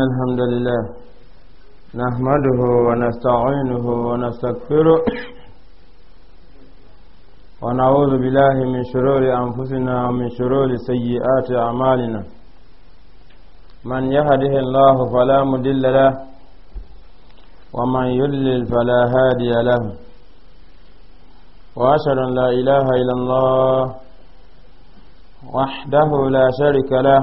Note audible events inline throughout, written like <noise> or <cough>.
الحمد لله نحمده ونستعينه ونستغفره <coughs> ونعوذ بالله من شرور أنفسنا ومن شرور سيئات أعمالنا من يهده الله فلا مدل له ومن يلل فلا هادي له وأشهد أن لا إله إلا الله وحده لا شرك له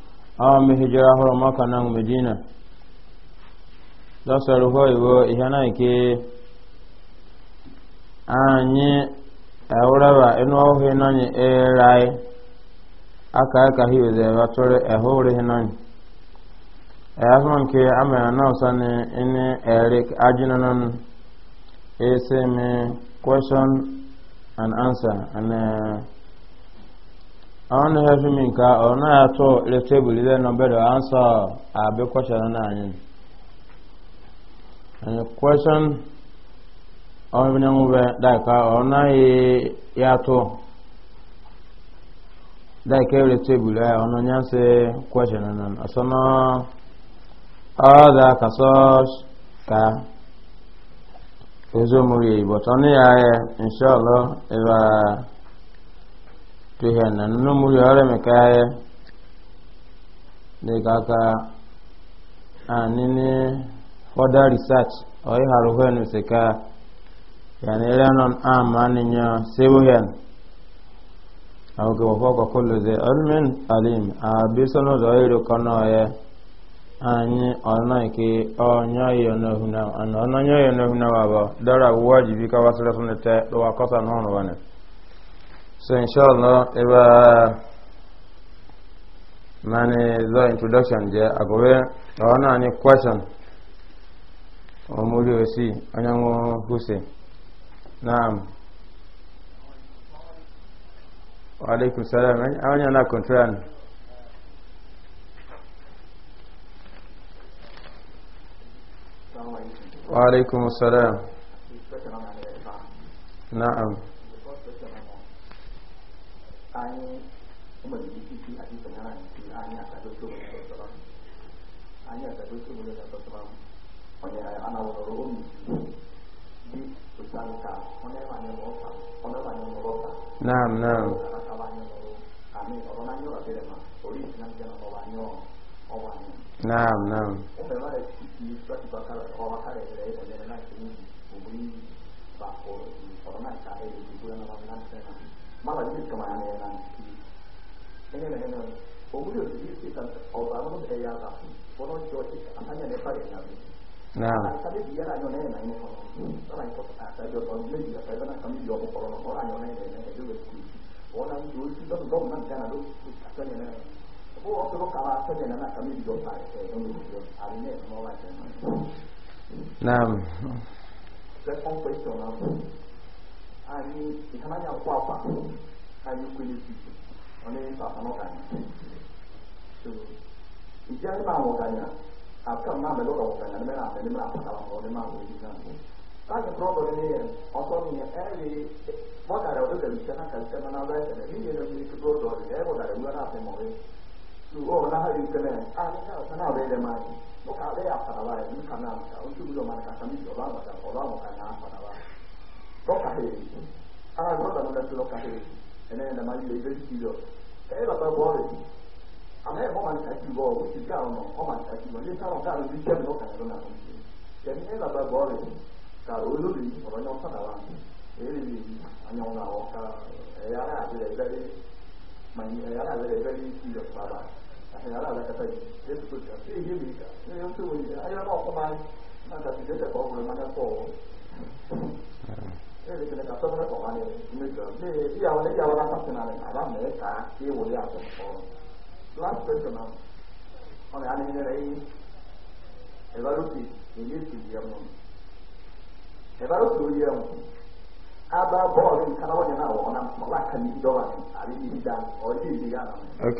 awon mi hijira horo maka nan medina lọsọrọ hó ìwọ ihe náà ike anyị ewuraba inu ọhụrụ nanyi erai aka aka hi ozi ebe atụrụ ehụrụ hi nanyi ehasụma nke amara na ọsọ ni ini erik ajina nan ese mi question and answer and uh, an hefi min ka ona ya to ile tebuli zai nan bedo an sa a bi kwashen na yin and question on ibn mube da ka ona ya to da ke ile tebuli ya ona nya se na nan asana ada ka so ka ezo muri ibotani ya inshallah eba tihe na nnu muri hore mi eh, kaye dịka kaka a ah, nini further research ah, o yi haru henu se ka yani renon a manin ya sebu hen a oge wafo ka kullu alim a bi sanu da ya anyi ọ̀nà ike ọ̀nyọ́ ìyọ̀nà òhun náà ọ̀nà ọ̀nà ọ̀nyọ́ ìyọ̀nà òhun náà wà So inshallah, if uh, many the introduction there, I go there. I any question. Or maybe we see. Anyango Hussein. Naam. Wa alaikum salam. na contran. Wa salam. Naam. Ani memiliki pihak di tengah Pihaknya tak betul dengan Rasulullah Hanya tak betul dengan Rasulullah Oleh anak menurun Disangka Oleh mana merokok Oleh mana merokok Nah, nah Kami orang nanya lah Bila mah Polis nak na orang nanya dibakar Dari Dari Dari Dari Dari Dari magaciiskamaaneenaan inaynahayn umri sidiistiisa awsaamadu eeyaada wano jooji anagane barinaadi naam kamid iyana ayoneenayno dhananko asajo balmejiga qaybana kamid yoomu qorono hora ayoneynaynajogaskuyi onan joojisi dan domnan kanado kasanena u na kalaasadenana kamid yootaay eeyo arine noolaa naam second question anyị ịhụnanya nkwa akwa anyị kwenye Jizọs ọ na-eso akamọganya iji anyị ma amụganya ụlọ na mere apịa mere apụta ma ọ dị mma ha karịsịa na na ya ụzọ ọdịda e na-apị ma ọrị tuwo ọ na-ahara ikele anyị na-abụ ele m ya na lokaheri anazonda muda si lokaheri enenda malile ibesiyo kaela babore amaye homanitativo usigaono homanitativo ndisaokano zijemi lokanelona komsi yani ela babore ka olori ọ yẹn ọ̀sán àwa èyí àyàn ọ̀nà àwọn ká ẹ̀yà Nevedele că tot Aba bọ́ọ̀lù ìkàwọ́nyẹ náà wọ̀ ọ́nà Ok,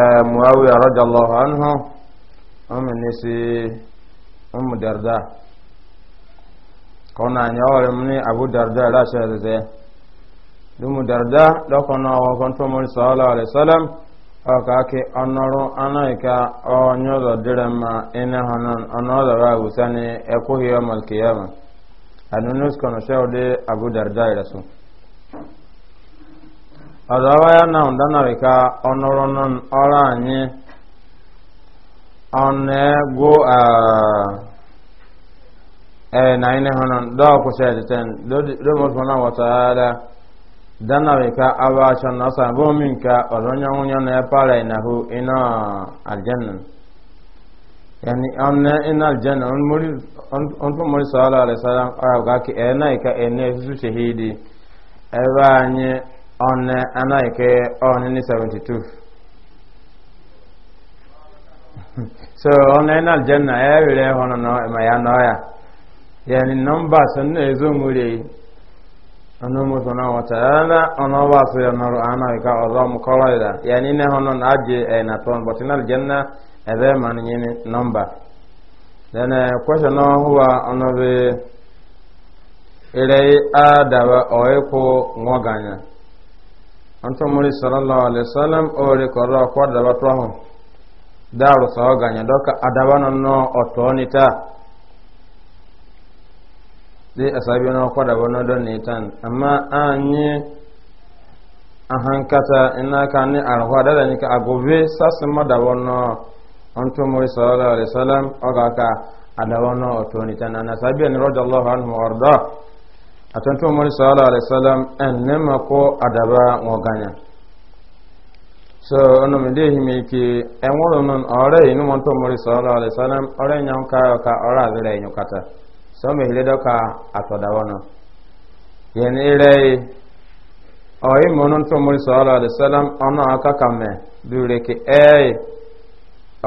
Eh, muawiya radiyallahu anhu ọmọ ní sí ọmọ darda kọ́nà àyàwó ní abu darda láṣẹ ẹ̀sẹ̀ dumu darda lọ́kọ̀nà ọkọ̀n tó mọ́rin sọ́ọ́lá alẹ́sọ́lẹ́m ọkà kí ọ̀nọ́rọ̀ anáìka ọ̀nyọ́dọ̀ dìrẹ̀ ma iná hànán ọ̀nọ́dọ̀ bá wùsá ní ẹkú hiyọ́ malkiyama àdúnúskọ̀nà ṣẹ́wọ́dé abu darda ìrẹsùn ọzọwa ya na ndanarịka ọnụrụ ọrụ anyị ọnụegwu ee na ine hụnụ dọọ kwụsị etiten domosmona wataala danarịka abacha na ọsa bụ omi nke ọzọ onye nwunye na epara inahu ina aljanna yani ọnụ ina aljanna ọntụ mmiri sọọla alaisalam ọrụ ga ka ẹ na ika ẹ na esusu shahidi ebe anyị on anaike uh, uh, on ni 72 <laughs> so on en aljanna e wire hono no ma ya no ya yani number sun ne zo mure ono mo sona wa taala ono so ya no anaika ozo mu koroida yani ne hono na aje e na ton but in aljanna e be man ni number then uh, question no huwa ono be ire adaba ngoganya anto muri sallallahu alaihi wasallam o re korra ko daba to hon daru sawa ganya doka adaba non no otonita de asabi no ko daba no don nitan amma anyi ahankata ina kan ni arwa dada ni ka agobe sasma da wono anto muri sallallahu alaihi wasallam o ga ka adaba no otonita na asabi ni radiyallahu anhu warda atantu umar sallallahu alaihi wasallam en nema ko adaba ngoganya so ono mi de himi ki en woro non ore inu mon to umar sallallahu alaihi wasallam ore nyam ka ka ora zire nyu kata so me hile do ka atoda wono yen ire oyi monon to umar sallallahu alaihi wasallam ono aka kame dure ki e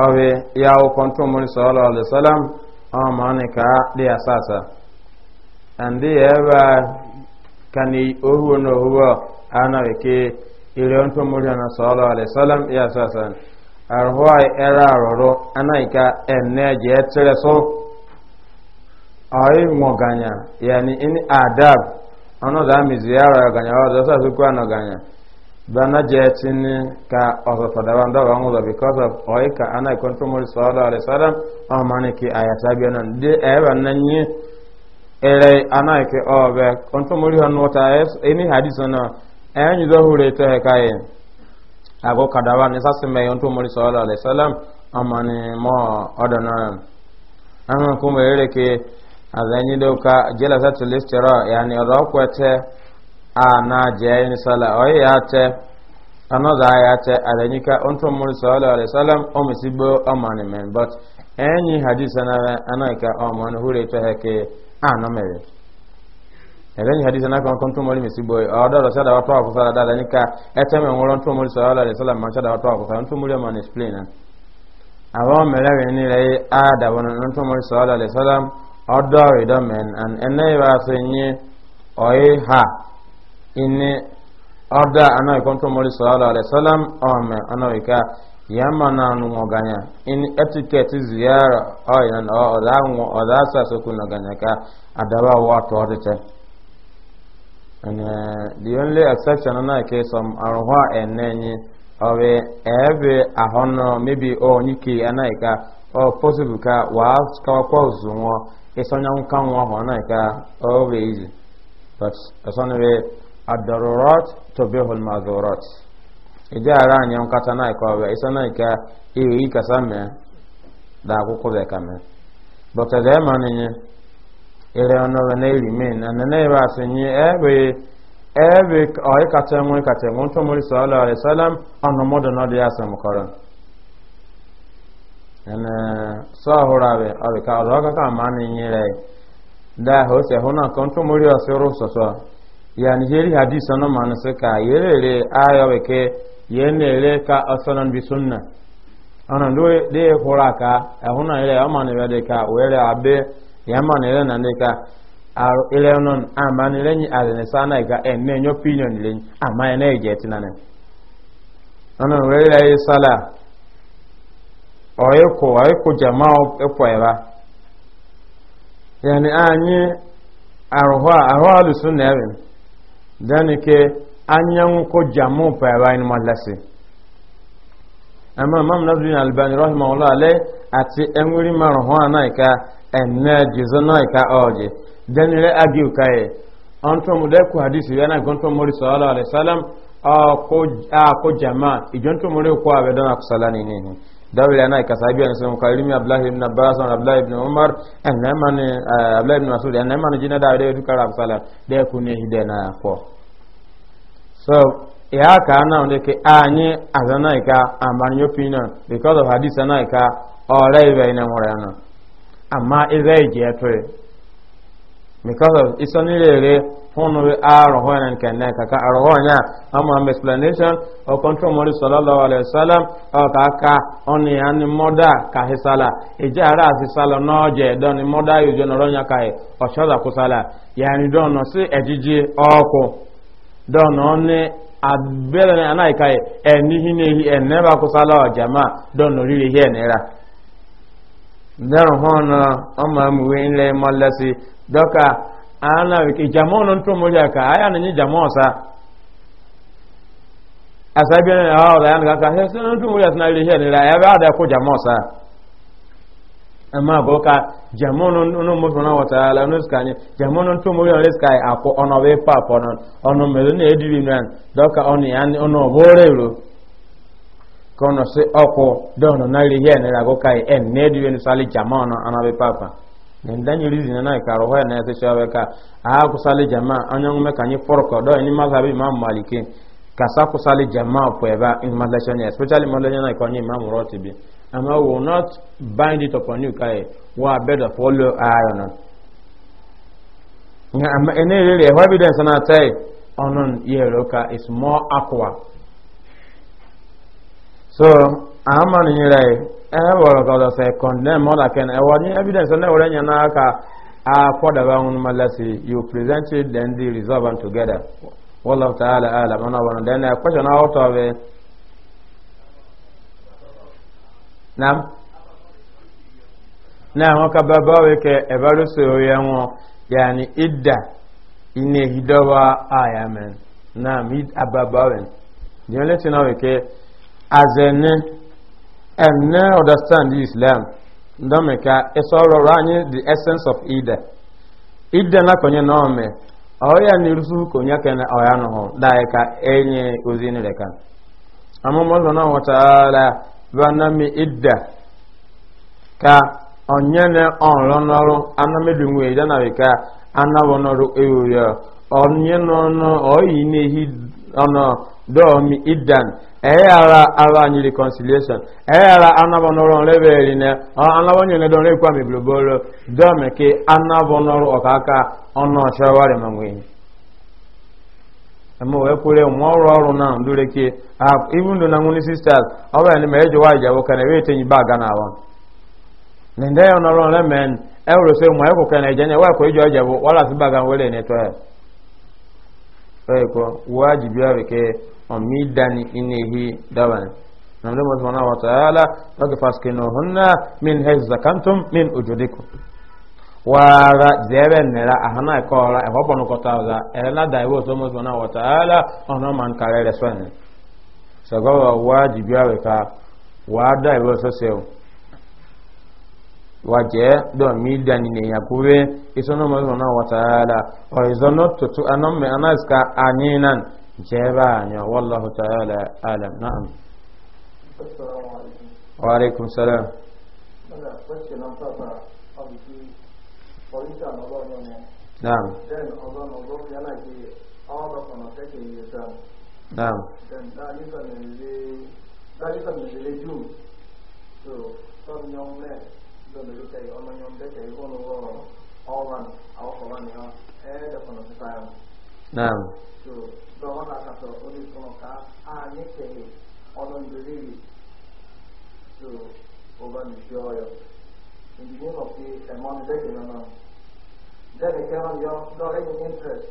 awe yawo kontu umar sallallahu alaihi wasallam o maneka de asasa ndị ebe kani ohu na ohuwa ana weke ire ntụ mmiri na sọlọ alisalam ya sasan era ere ana anaghịka enne ji etere so ọyị nwọganya yani in adab ọnụ da mizi ya rọ ganya ọzọ na ganya bana je tini ka ọzọ fadawa wanda wa because of ọ nan ere anaike obe kontomori hon wata es eni hadis ona enyi zo hure te kai ago kadawa ne sase me ontomori ọ alaihi wasallam amane mo odana an kuma ere ke azanyi doka jela satul istira yani kwete ya ka ana mere ẹ̀rẹ́ ní hadith náà kan tó mọ́rí mẹ́sí bọ́ ọ̀dọ́ ọ̀dọ́ ṣáàdà wàtọ́ àkọsá dáadáa níka ẹ̀tẹ́mẹ̀ ń wọ́n tó mọ́rí sọ̀rọ̀ àlẹ́ sọ́là máa ṣáàdà wàtọ́ àkọsá tó mọ́rí ọmọ explain náà àwọn mẹ́rẹ̀ẹ̀rin ní rẹ̀ àdàbọ̀ náà tó mọ́rí sọ̀rọ̀ àlẹ́ sọ́là ọ̀dọ́ ìdọ́mẹ̀n ẹ̀nẹ́ ìwà ṣe ń yẹ ọ̀yẹ́ ha ìní ọ̀dọ́ àná ìkọ́ntọ́ mọ́rí sọ̀rọ̀ àlẹ́ sọ́là ọ̀mẹ̀ ọ̀nà ìka yamma na nu moganya in etiquette ziyara oya na oda nwo oda asa so na ganya ka adaba wa to de and uh, the only exception na ke some arwa enenyi owe ebe ahono maybe o nyiki anaika ọ possible ka wa ka kwa zuwo nka nwa ho anaika always but asanabe ad-darurat tubihu al-ma'dhurat eji ara anya nkata na ka ọbịa isa na ka ihe yi mee da akwụkwọ bịa ka mee bọta da ma ọnụ na eri mee na nene ebe asị ebe ebe ọyị kacha kacha ntụ mmiri sọ ọla ọnụ mmadụ na ọdị ya asị ene sọ ọhụrụ abịa ọbịa ka ọkaka ma da hụ na ntụ ya yen ne ka asanan bi sunna ana ndo e, de e hora ka ehuna ile amane wede ka wele abe yamane ile na nika aro ile non amane ile ni ale sana ga enne nyo opinion ile amane e na eje tinane ana wele ile sala oyeko oyeko jamaa ekwa era yani anyi arwa arwa lusunna ewe danike anyan ko jamu fɛɛba ni ma lɛsi ama mam nasiri na albani rahima wala ale ati enwiri mara hɔn ana ika ɛnɛ jizo na ika ɔɔje denire agi uka ye ɔntɔmu dɛ ku hadisi yɛ na gɔntɔ mori sɔɔla alayi salam ɔɔko aako jama ijontɔ mori ko a dɔn a kusala ni ne ni dawele ana ika sahibi ya nisɛm ka ilimi abdulahi ibn abbas ɔn abdulahi ibn umar ɛnɛ mani eh, abdulahi ibn masud ɛnɛ mani jinɛ dawele yɛ dɛ so ya ka na ne ke anyi azana ka amanyo pina because of hadith na ka ora ibe ina mura na amma iji je to e. because of isoni lere hono we aro ho na kan na ka aro ho nya amma explanation o control mori sallallahu alaihi wasallam e o ka ka oni ani moda ka hisala eje ara no je moda yo o shoda kusala yani dɔn ɔne abɛlɛ ne ana ka yi hi ne hi ɛnɛ ba kusa la wa jama dɔn nori le hi ɛnɛ ra dɔn hɔn na dɔka ana jama ɔno tó ka aya nye jama ɔsa asa bi ne ya ne ka ka hɛ sɛ ɔno ɛbɛ ada jama ɔsa. amma go ka jamono no mo sona no skanye jamono to mo yo ono we pa po ono me ne doka ono bore kono se oko na ri yen ra go kai en ne ediwi ni sali jamono ana we ne na na ka ro ho na se shawe ka a ku sali jama anya ngume ka ni forko do ni mazhabi imam kasa ku sali jama po eba and I will not bind it upon you kai wa better follow iron ene rere evidence náà tẹ́ ọ̀nà yẹ̀rọ ka is more aqua so àwọn mọ̀ nìyí rẹ̀ ẹ wọ̀rọ̀ kọ̀dọ̀ sẹ̀ condemn mọ́dà kẹ́ni ẹ̀wọ̀ ní evidence náà wọ̀rẹ̀ yẹn náà ka afọ́dàbà ń mọ̀ you present it then the resolve am together wọ́n lọ́ta àlẹ́ àlẹ́ mọ́nà wọn then eh, question out of nam na àwọn kaba báwo kẹ ya ló sọ̀rọ̀ yẹn wọn yàní na iná ìdọ́wà àyàmẹ̀ náà mi àbábáwẹ̀ ní wọ́n lẹ́tí náà understand islam ndọ́mẹ̀ka ẹ̀sọ́ ọ̀rọ̀ anyị the essence of ìdà e e ozi na vanami idda ka ọrụ na onyene onlonoru anamedunwe idanawe ka anawonoru ewuyo onyenono oyi nehi ono domi iddan eyara avanyi reconciliation eyara anawonoru onlebeli ne anawonyene don rekwami blobolo domi ke anawonoru okaka ono shawari mangwenyi amma wai kure mu ọrụ waro na ndure ke a ah, even do na nguni sisters awa ni me ejo waje wo kana we tenyi ba gana wa na nda yo na ro na men e woro se mu eko e, kana eje ne wa ko ejo waje wo wala si ba gan wele ne to e sai ko wajibi ya ke on mi dani inehi dawan namdo mo subhanahu wa ta'ala wa faskinu hunna min hayz zakantum min ujudikum wara zere nera ahana ikora eho bonu kota za ela daiwo so mo na wa taala ono man kare reswen so go ka wa daiwo so se wa je do mi dani ne yakure isono mo na wa taala o me anaska jeba wallahu taala alam na'am wa alaikum salam question on papa Konuşan olan yani. Naam. Den olan olur yana ki ağda sana peki insan. Naam. Den la yukan bizi la yukan bizi lejum. So son yomle dön bir şey ama yomle şey onu var. Ağlan ağlan ya. E de sana tutayım. Naam. So doğan akasa onu konuka a ne şey onun bizi. So oban bir şey yok. in the name of the you know. Then they cannot your any interest.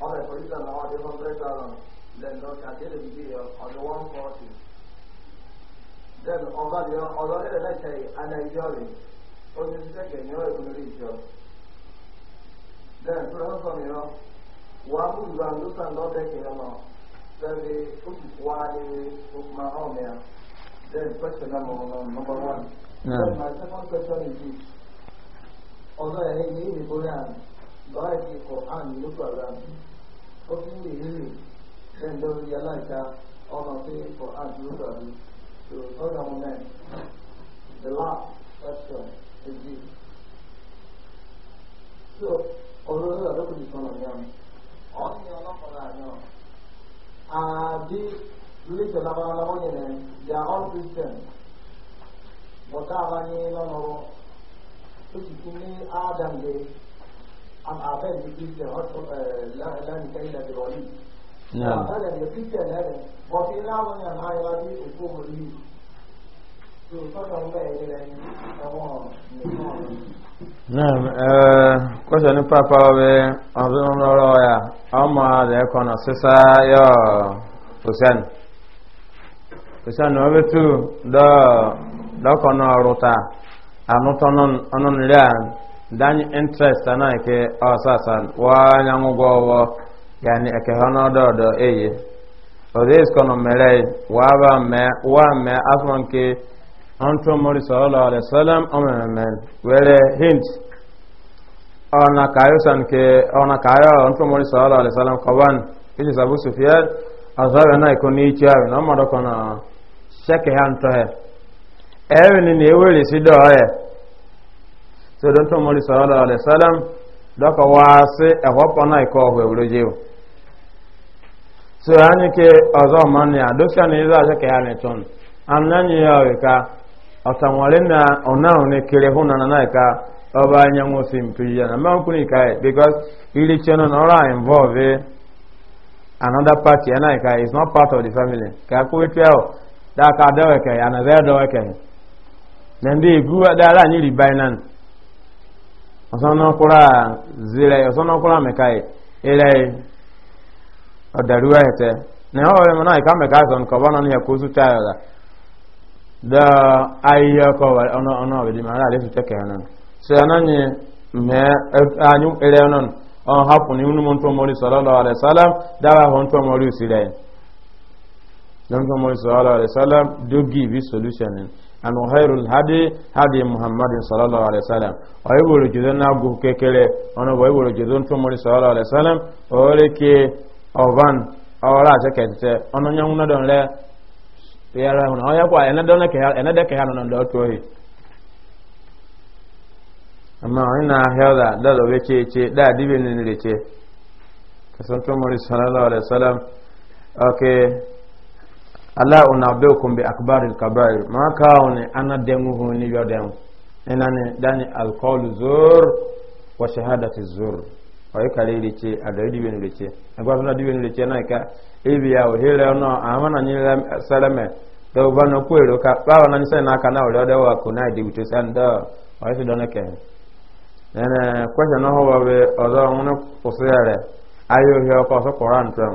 On a position or different restaurant, then not consider the video on the one forty. Then over the other let say an enjoying. Only the second year it will reach Then to help from you, one would run this and not take him Then they put one in Then question Number one. So my second question is this. Although I hate the Quran, God is Quran, look around. Open the hearing, then they will realize that all of the Quran, look around. So, hold on a minute. The last question is this. So, although I don't think it's one of them, all the other one I know, are these, you listen, they are all Christians wọ̀táàbá ní lọ́nọ̀rọ̀ ó sì tún ní ádám lè àbẹ́ ní kristian ọ̀tọ̀ lánìkẹ́ ilẹ̀ ìrọ̀lì àbẹ́lẹ̀ ní kristian lẹ́rẹ̀ bọ̀tí láwọn ní àná ayọ́lá bí èkó wòlíì tó sọ́dọ̀ ń bẹ̀rẹ̀ lẹ́yìn ẹ̀wọ̀n nìkan naam kwesa ni papa wabe ọzọ nọrọ ya ọmọ ada ẹkọ na sisa yọ hussein hussein na ọbẹ tu dọọ dɔkɔnɔ ruta anutɔnɔ ɔnɔnira dani interest ana ke ɔsasan wɔnyangu gɔwɔ yani ekehɔnɔ dɔdɔ eye ɔdɛs kɔnɔ mɛrɛ waba mɛ wa mɛ afɔn ke ɔntun mori sɔɔlɔ alɛ sɔlɛm ɔmɛmɛ wɛrɛ hint ɔna kayo san ke ɔna kayo ɔntun mori sɔɔlɔ alɛ sɔlɛm kɔban ili sabu sufiyɛ ɔzɔbɛ na ikoni itiyawe na ɔmɔdɔ kɔnɔ sɛkɛ hɛ ntɔhɛ ẹ̀rìn ni ewèrè sí dọ̀ ẹ̀ tí ó dọ́ntọ́ mọ́lì sọ́lọ́ alẹ́sálàm lọ́kọ̀ wá sí ẹ̀họ́pọ̀ náà ikọ̀ ọ̀họ̀ ìwúrójẹ́ o tí ó yányí ké ọ̀zọ́ ọmọ ni àdóṣà ní ilé àṣẹ kẹyà ní tún anáyí ọ̀rẹ́ ká ọ̀tàwọ̀lẹ́ na ọ̀nàrún ní kiri hún nana náà ká ọba anyanwó sí mpiri yẹn àmọ́ nkú ní káyẹ̀ because ilé tí ọ̀nà ọ̀rọ̀ involve another party ẹ̀ náà ká it's not part of the family kà kúwé tí dáka yẹn àná na ndị ebu dara anyị ribainan zile, zire ọsọnọkwụra mekai ere ọdaruwa hete na ọ were mana ika meka azọ ka ozu taa ọla di ma ka so ya nanye mee ile ere ọnụ unu m mori sọlọlọ alai dawa ahụ mori mori do give and khairul hadi hadi muhammadin sallallahu alaihi wasallam ay bolo jidon na gu kekele ono boy bolo jidon to mori sallallahu alaihi wasallam ore ke ovan awara se kete ono nyangu na don le yara hono aya kwa ena don le ke ena de ke hanu ndo to hi amma ina hada da da wece ce da dibe ne ce kasan to mori sallallahu alaihi wasallam okay ala unabeukum bi akbari alkabair ma kawne ana demu hu ni yo dengu enane dani alqawlu zur wa shahadati zur oy kale ri ce adari di wenu ce agwa na di wenu ce na ka ebi ya o hele no amana ni salame do bana ku ero ka bawa na ni sai na ka na ore da wa ku na di bitu san da oy se dona ke ene kwasha no ho ba be ozo ngunu kusere ayo yo ko so quran tram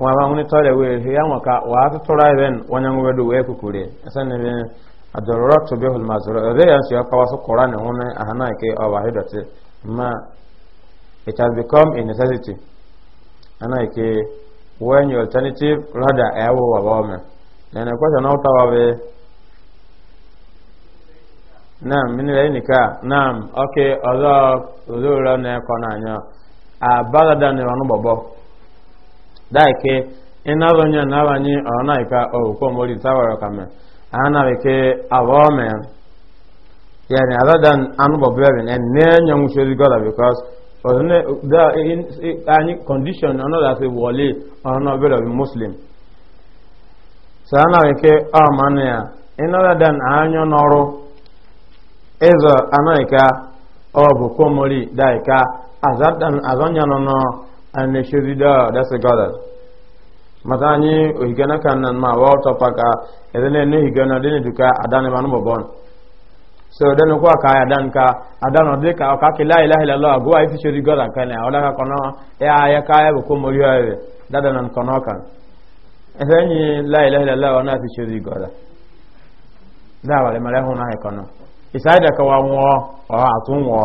wama huni tore we hiya maka wa ta tora ben wanyan we do we kukure asan ne be adarrat to bihul mazura re si siya kawa su qur'an huni ahana ke awahidati ma it has become a necessity ana ke when your alternative rather awo wa wa me na na kwata na utawa be naam min re ni ka naam okay ozo ozo ra na ko na anya abagada ni wanu bobo daike ina zonya na banye ona mori tawara kame abụọ beke yani other than anubo bevin and nenya mushori gola because ozune da in any condition ono that wali ono bela muslim sana beke amana ya in other than anyo ezo anaika komori daika azadan no no and they should da that's a god mata anyị ohigana kan nan ma wa ọtọ paka edene ne higana dene duka adane manu bobon so dene ko aka ya dan ka adano de ka ka ke la ilaha illallah go ai fi shodi god kan ọ ola ka kono ya e ya e ka ya e ko mori ya be dada na nan kono kan edene la ilaha illallah ona fi shodi god da wale mare hono ha kono isaida ka wa wo o atun wo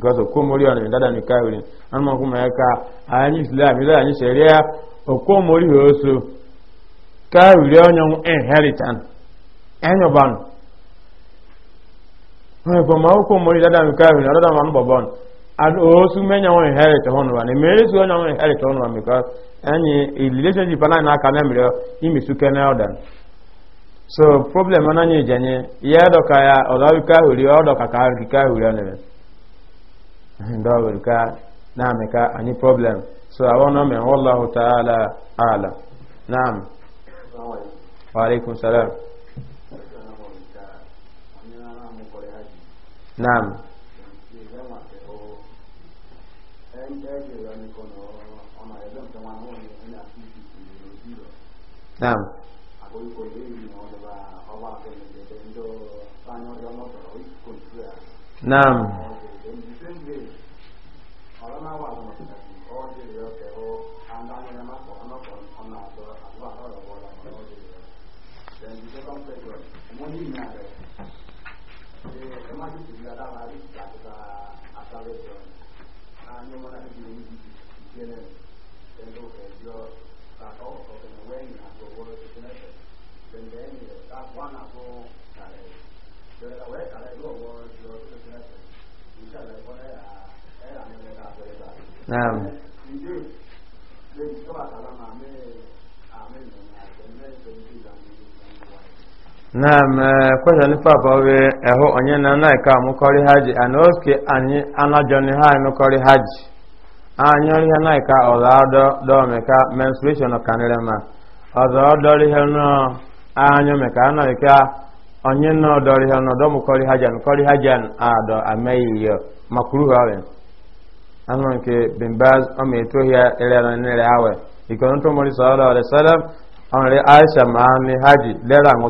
because ko mori ona dada mi kawri an ma kuma ka ani islam ila ani sharia o ko mori hoso kawri onyo inheritance enyo ban e ko ma ko mori dada mi kawri dada ma no bon and also menya won inherit hono wa ni me so onyo inherit hono wa because any relationship na na kana mi ro imi su kana odan so problem na nyi jenye ya doka ya odawi kawri odoka kawri kawri onene ndọbụrụ ka na ka anyị problem so awọ nọ mee wallahu ta'ala ala naam wa salam naam naam naam نعم naam eh, kwesa ni papa we eho onye na na ka amụkọrị haji ana oke anyị anajọni ha anụkọrị haji anyị na ka ọla adọ dọmeka menstruation kanere ma ha ka onye na ọdọrị ha nọ dọmụkọrị haji haji adọ ameghị makuru ha anon nke bin baz on me to ya elera ne le awe ikon to mori sallallahu alaihi wasallam on aisha ma ni haji lera ngo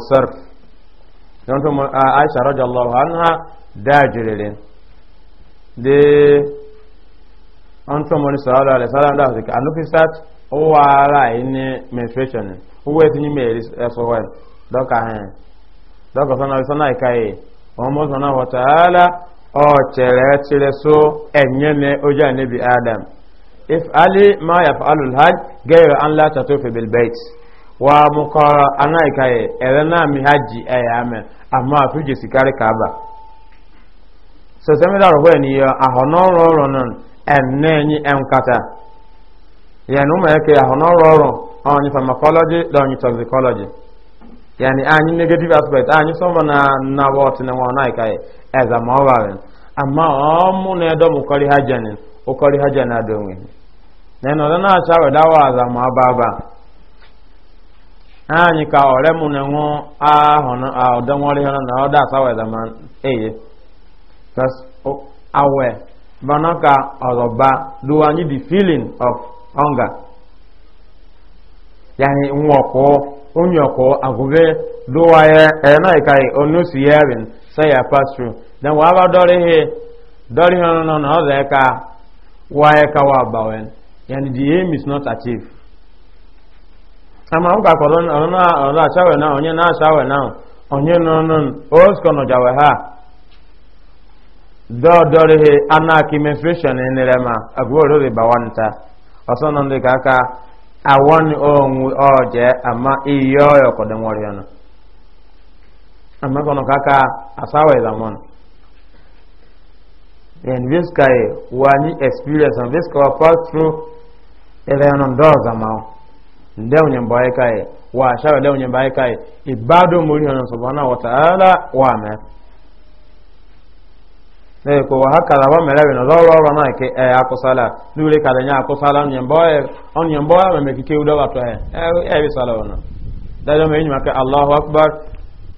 to aisha radhiyallahu anha dajirele de on to mori sallallahu alaihi wasallam da ke anu fi sat o wa ara ni menstruation o we tin me eso wa do sana sana ọ chere chere so enye ne oje anabi adam if ali ma yaf'alu alhaj gairu an la tatufi bil bait wa mukara anai kai elena mi haji ayame amma fuje sikare kaba so sami da ni ya ahono ro ro non enne ni enkata ya no ma ke ahono ro ro on pharmacology don toxicology ni anyi negative aspect anyi so na na what na wa nai kai as a amma ọmụ na edo mu kọrị ha janin o kọrị ha janin adọ nwe na ịnọdụ e na acha weda wa aza ma aba aba anyị ka ọrịa mụ na nwụ ahụ na ọdọ nwọrị ha na ọdọ asa weda ma eye kas awe bana ka ọzọba do anyị the feeling of hunger yaani nwa ọkụ onye ọkụ agụbe do wa e e ya ẹ náà ka onye osi ya rin say i pass through then wa ba dori he dori he no no ze ka wa he ka wa ba wen yani the aim is not achieved ama uka ko don ona ona sawe na onye na sawe na onye no no o sko no jawe ha do dori he ana ki menstruation ni rema agworo re ba wanta oso no ndi ka ka awon ohun oje ama iyo yo ko den wori ona ama ka kaka asawe zamon in this guy wani experience and this guy pass through eleven dollars amount ndew nyemba yake wa shawa ndew nyemba yake ibado muri na subhanahu wa ta'ala wa ne ko wa la na lawa wa na ke e ka nya akosala nyemba e on nyemba ma me kike udo wa to he e bi sala wona da me nyima ke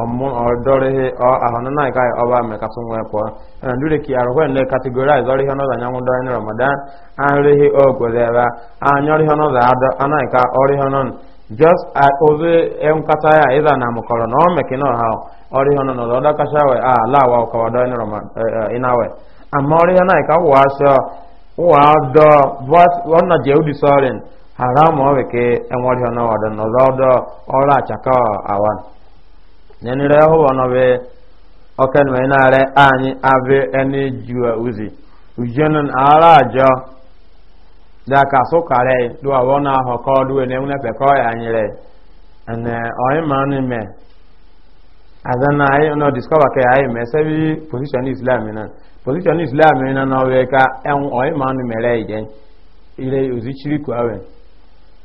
ọmụn ọdọrịhị ọ ịka ọba mekasị nwa pụọ na ndị ki arụhwe nle kategorize ọrịhị ọnọdụ anyanwụ dọrị na ramadan ahụrịhị okwere ebe anyọrịhị ọnọdụ adọ anaghịka ozi nkata ya ịza na mụkọrọ na ọ ọha ọnọdụ ọdọ kacha we a ọkọwa ịnawe ama asọ dọ jehudi sọrin haram ọnọdụ ọdọ ọrụ achaka nyenere hụ ọnọbe ọkan wee na-arị anyị abị ene jiwa uzi ujenun ara ajọ da ka so kare do awo na ho ko do ne mu pe ko ya nyere an oyi man me azana ayi no discover ke ayi me se bi position islam na position islam na no we ka en oyi man me re ije ile uzi chiri ku awen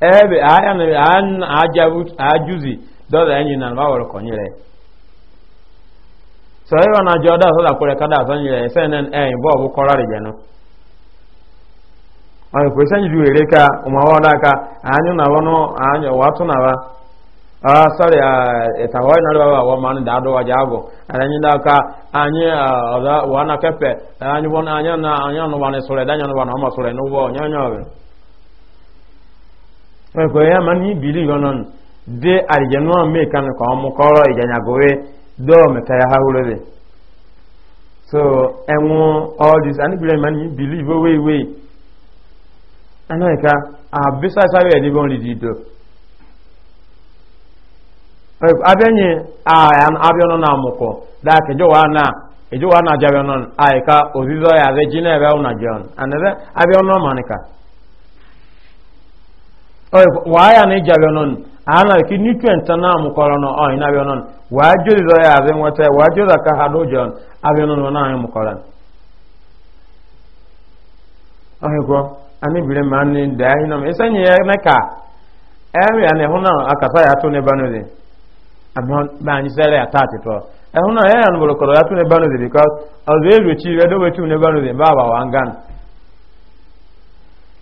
ebe aya na ajabu ajuzi dọla da e, na nan bawar konyere so e na ajọ dọla da kore kada nyere senen e bo bu korare jeno ayi ko ka were ka na wono anyu watu na ba ah sorry eta hoy na ba wa man da do wajago anyu da ka anyu oda kepe na anya no wana sore da anyu no wana ma sore no bo nyanyo ko ya man ni bili yonon de aljanwa me kan ko mu koro ijanya gowe do me kaya hawlo de so enwo all this and bile man ni believe we we anaika abisa sabe de bon lidido abenye ayan abiono na amuko da ke jo wa na ejo wa na jabe non aika ozizo ya de jina be una jon anabe abiono manika waya na ijabe non ana ki nutrient na mu korono o ina be non wa jodi do ya be wata wa joda ka hado jon abe non na mu koran ahe go ani bire man ni da ina me ya meka e ya ne huna akasa ya ne de amon ba ni to e e an ya ne de because we chi we do we ne de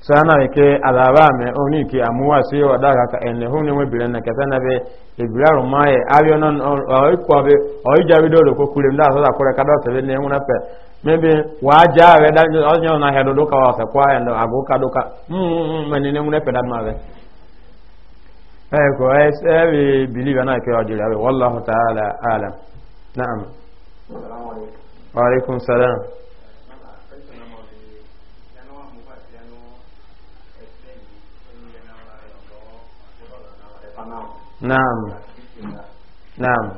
sana ke alaba me oni ki amuwa si wa da ka en na ka na be ayo non be ja ko so da ka do se ne na pe mebe wa ja we da o nyo na hedo do ka wa se kwa en ago ka do ka mm me mm, mm, ne mu na pe da ma be e ko e bi believe na ke o jira wallahu ta'ala alam na'am wa alaikum salam نعم نعم نعم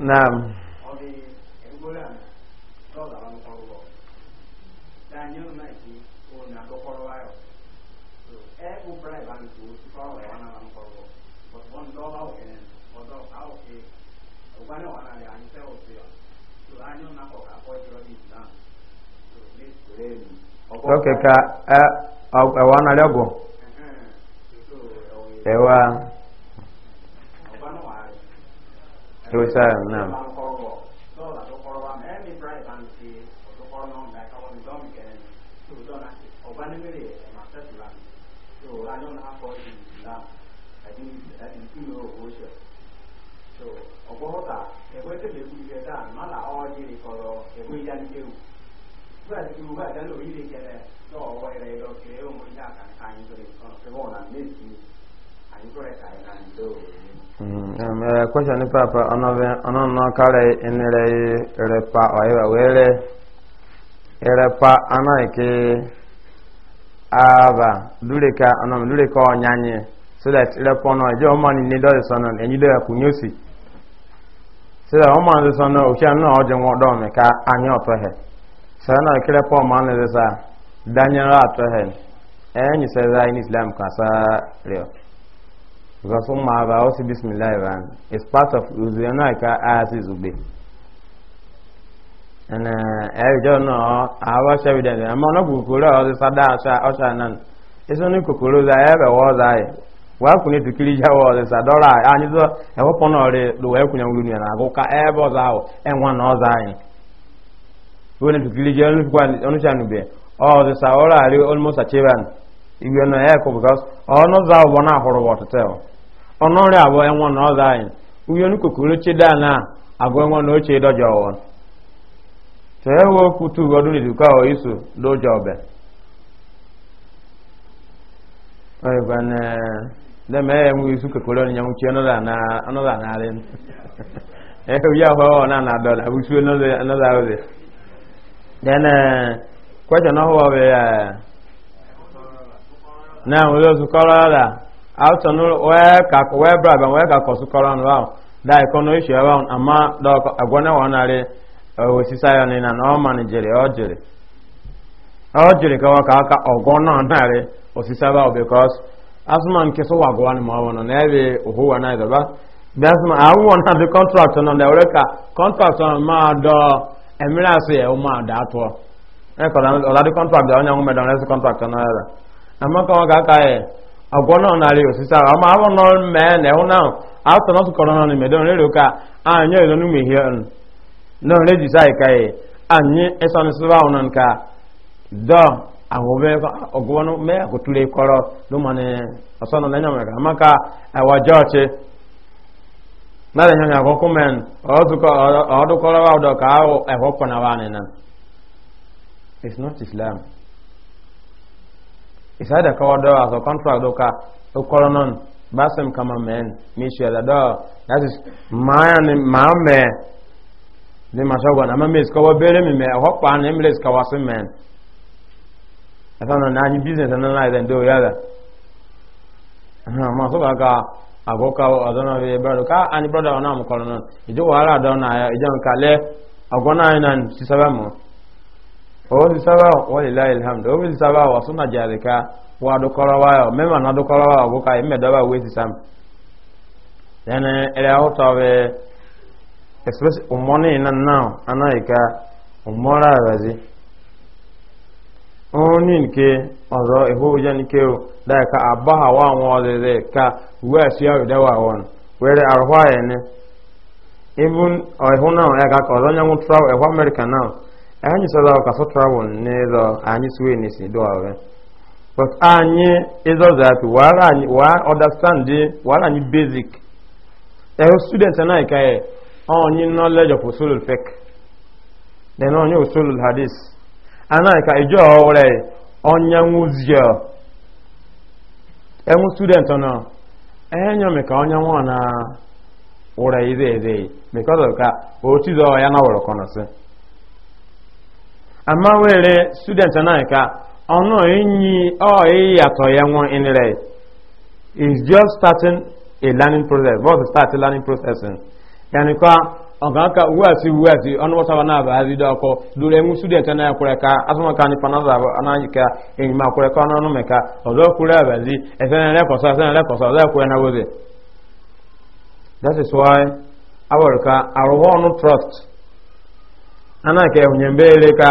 نعم lókè ka ẹ ẹwà nàlẹ ọgọ ẹwà tó sáà náà. Well, you were a little kwesịa mm, eh, ndị papa ọnụnọ karịa enere repa ọhịa were erepa anaghịke aba dureka anam dureka ọnyanye so that repa ọnụ ọjọọ ọma ni nido ịsọ nọ enyido ya osi. so that ọma ndị sọ nọ ochie anụ dị nwa ọdọ mme ka anya ọtọ ha so ya na ekere pa ọma ndị sọ danyere atọ ha enyi sọ ya islam kasa rịọ because some mother also bismillah and it's part of uzuyanaika as is ube and uh ẹjọ náà àwọn ṣẹbìdẹ ẹ mọ náà kòkòrò ọdún sádà ọṣà náà èso ní kòkòrò ọdún ẹ bẹ wọ́ọ̀dà ẹ wọ́n kùn ní tìkìrì jẹ́ wọ́ọ̀dà sàdọ́rà àyíṣọ́ ẹ̀wọ́ pọ́n náà rẹ lò wọ́n kùn yẹn wúlò yẹn àgùkà ẹ bọ̀ ọ̀dà ọ ẹ wọn náà ọ̀dà yẹn wọ́n ní tìkìrì jẹ́ igwe nọ ya ọnụ za ụgbọ na ahụrụ bụ ọtụtụ ewu ọnụ nri abụọ enwe na ọza anyị uwe onu kokoro cheda na agụ enwe na oche dọja tee e wo kutu na iduka ọ isu kokoro na ọnụza na E ya na na e na <laughs> na nwere osukọrọ ala afta nuru wee ka wee braba wee ka kọsụ sukọrọ nru ahụ da ikono ishi ọrụ ahụ ama da agwana wa narị osisa ya nina na ọ manijere ọ jiri ọ jiri ka ọ ka aka ọgọ na narị osisa ba because asụma nke so wa ma ọ nọ na ebe ohu wa na idaba bi asụma awụ na the contract nọ na ewere ka contract nọ ma dọ emiri asị ya ụmụ ada atụọ ekọla ọladị contract ya onye nwụ medọ na esi contract nọ ya amaka ka aka ya agwọ nọ narị osisi ahụ ama ahụ nọ mee na ịhụ na atọ nọ n'ime dọrọ rere ka anyị ezo n'ume ihe ọnụ nọrọ eji sa ịka ya anyị ịsọ n'isi nọ nka dọ ahụbe ọgwụgwọ na mee kọrọ ọsọ men ka na it's not islam isaida kawo do as a contract do ka o koro basem kama men mi shela that is my ni my me ni ma shagwa na ma me is kawo bere mi me ho pa ni mi les kawo sim men asana na ni business na na den do yala ha ma so ba ka agoka adona we brother ka ani brother na mu koro non ijo wala do na ijo kale agona nan si sabamu ozi sabaw walilahi alhamdu ozi sabaw asuna jalika wa dukora wayo mema na dukora wayo buka imme daba wezi sam yana ele auto be especially umone na now anaika umora wazi oni nke ọzọ ihuja nke o da ka abaha wa nwa ọzọzọ ka uwe esi ya da wa won were arwa ya ne even ọ ya ka ọzọ nyanwu travel ehwa america now anyị sọrọ ka sọ travel n'ịzọ anyị suwe n'isi do ọrụ but anyị ịzọ zati wara anyị wa understand wara anyị basic ẹ̀rọ student náà ìka ẹ̀ ọ̀nyí knowledge of usul fek then ọ̀nyí usul hadith aná ìka ìjọ ọ̀rẹ́ ọ̀nyẹ̀wò zíọ̀ ẹ̀wọ̀n student náà ẹ̀yẹ̀nyọ̀ mẹ̀ka ọ̀nyẹ̀wò náà ọ̀rẹ́ ìzẹ̀ ìzẹ̀ because of ka òtí zọ ya na wọ̀rọ̀ kọ́nà sí. ama were student na ka ono enyi o iyato ya won in is just starting a learning process what start learning processing yani kwa ọ̀gá ka uwe ati uwe àti ọnụwọtaba na aba azụ idọkọ duru enwu student na akwụrụ ka asụmọ ka anyị panaza anaghị ka enyima akwụrụ ka ọnụ meka ọzọ kwuru abazi efenere kọsa efenere kọsa ọzọ akwụrụ na wozi that is why awọrọ ka arụwa ọnụ trust anaghị ka ehunyembe ele ka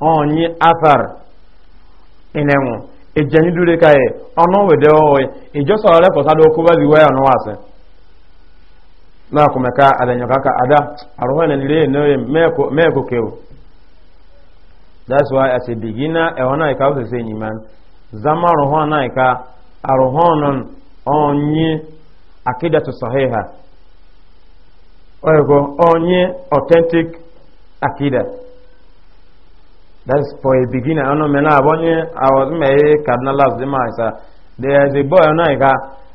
onye asar inenwu ejenyi dure ka ye ọnụ wede oyi ijosa e ọrẹ kọsa do kuba zi waya ọnụ wasi na kuma ka adanyo kaka ada aruwa na nire no ye meko meko kewu that's why as a beginner e wona e ka o se nyiman zama ruwa na e ka aruwa non onye akidatu sahiha oyego onye authentic akida That's for a beginner. I know me now. nye I was me cardinal last the man sa. There a boy ọ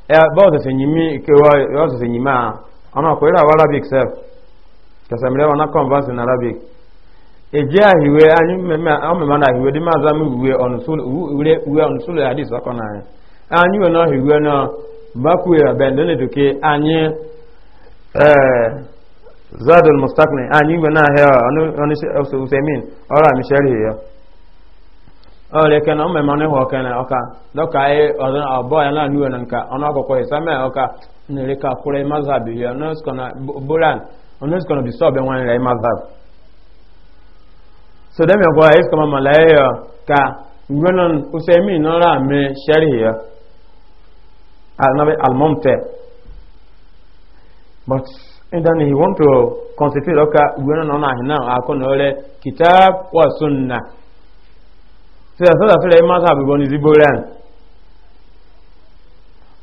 E boy se nyimi ke wa nyima. Arabic na converse in Arabic. Eje ahiwe anyu me me o me na di ma za on on na ahiwe na bakuwe to ke anyi زاد المستقنع أني بنا هي onye أنا سوسمين أرى مشاري هي ọrịa ike na mmemme anụ ihu ọka na ọka abụọ ya na hiwe na nka ọnụ akwụkwọ ya oka ọka nyere ka kwụrụ mazab ihe ọnụsikọ na boran ọnụsikọ na bisọb enwanyere mazab so demi ya isikọ ma lee ya ka ngwe nọ ndani he want to concentrate oka uwe no na hina akọ na ole kitab wa sunna se so da fere ma sabu boni ziboran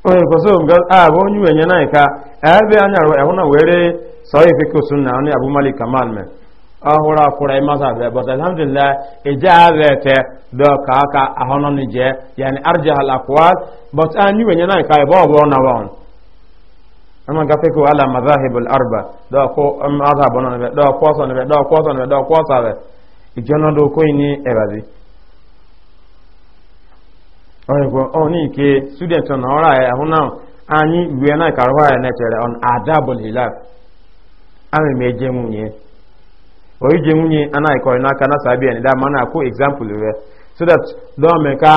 o ko so ngal a bo nyu enya na ka ebe anya ro e hona were so ife ko sunna ni abu malik kamal me ahura kura e masa but alhamdulillah ijaza te do ka ka ahono ni je yani arjah al aqwal but anyu na ka e bo bo na ama gafe ko ala mazahibul arba do ko am um, azhabu non be do ko so be do ko so be do ko so be ijono do ko ni ebazi oye ko oni ke student on ora e huna anyi we na karwa e netere on adabul hilaf ami meje munye oyi je munye ana iko na ka na sabi en da mana ko example we so that do me ka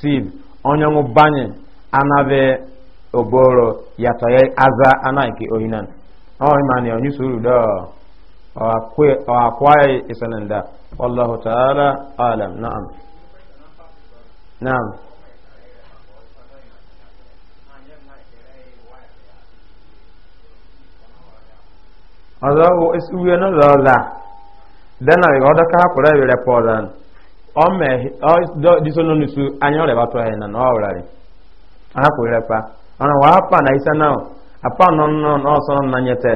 seed onyanwụ banye anabe oboro yatọye aza anaghịkị ohinan ọhịmani onye suru wallahu ta'ala alam na'am na'am ọzọ bụ esi uwe n'ụlọ ọla na ha ome disono nusu anya ọrịa batụ anyị na na ọrịa ana kwere wa apa na isa na apa nọ no no na nyete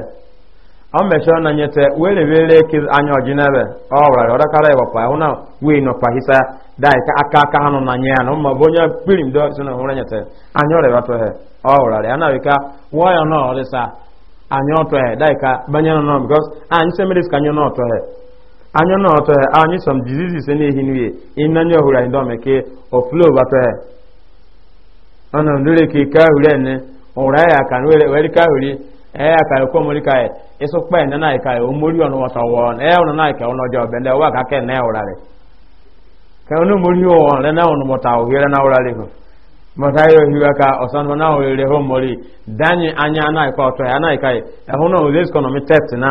o me na nyete wele wele ki anya ojinebe ọrịa ọrịa kara iwa pa una na wee pa hisa dai ka aka aka na nya na na nyete anya ọrịa batụ ya ọrịa anya ọtọ dai ka ka anya anya na ọtọ ya anyị sọm diseases na-ehi ọhụrụ anyị dọọ meke oflo bata ya ọnụ ke ka ike ene ụra ya ka were ka ahụrụ ee ya ka ekwe omori ka ịsụkpa ya na ka omori ọnụ ọtọ wọ na ya ọnụ na-aka ọnụ ọjọọ ọwa na ya ka ọnụ omori e na ọnụ na hụ mọta ya na ya ya na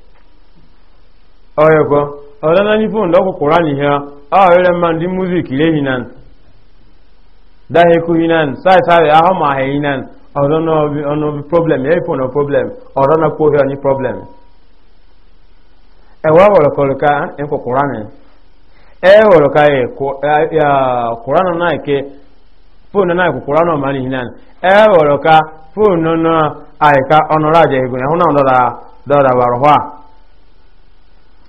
ọyọkọ ọ̀dọ́ náà ní fóònù lọ́kọ̀ koran hàn ọ̀rẹ́rẹ́ máa muziki music lẹ́yìn náà dáhẹ́kù yìí sáìsáì ahẹ́ problem yẹ́ fóònù problem ní problem. ẹ̀wọ́ wọ̀rọ̀ kọ̀ọ̀ká ẹ̀ kọ̀ ẹ̀ náà ké fóònù náà ẹ̀ fóònù náà àyíká ọ̀nà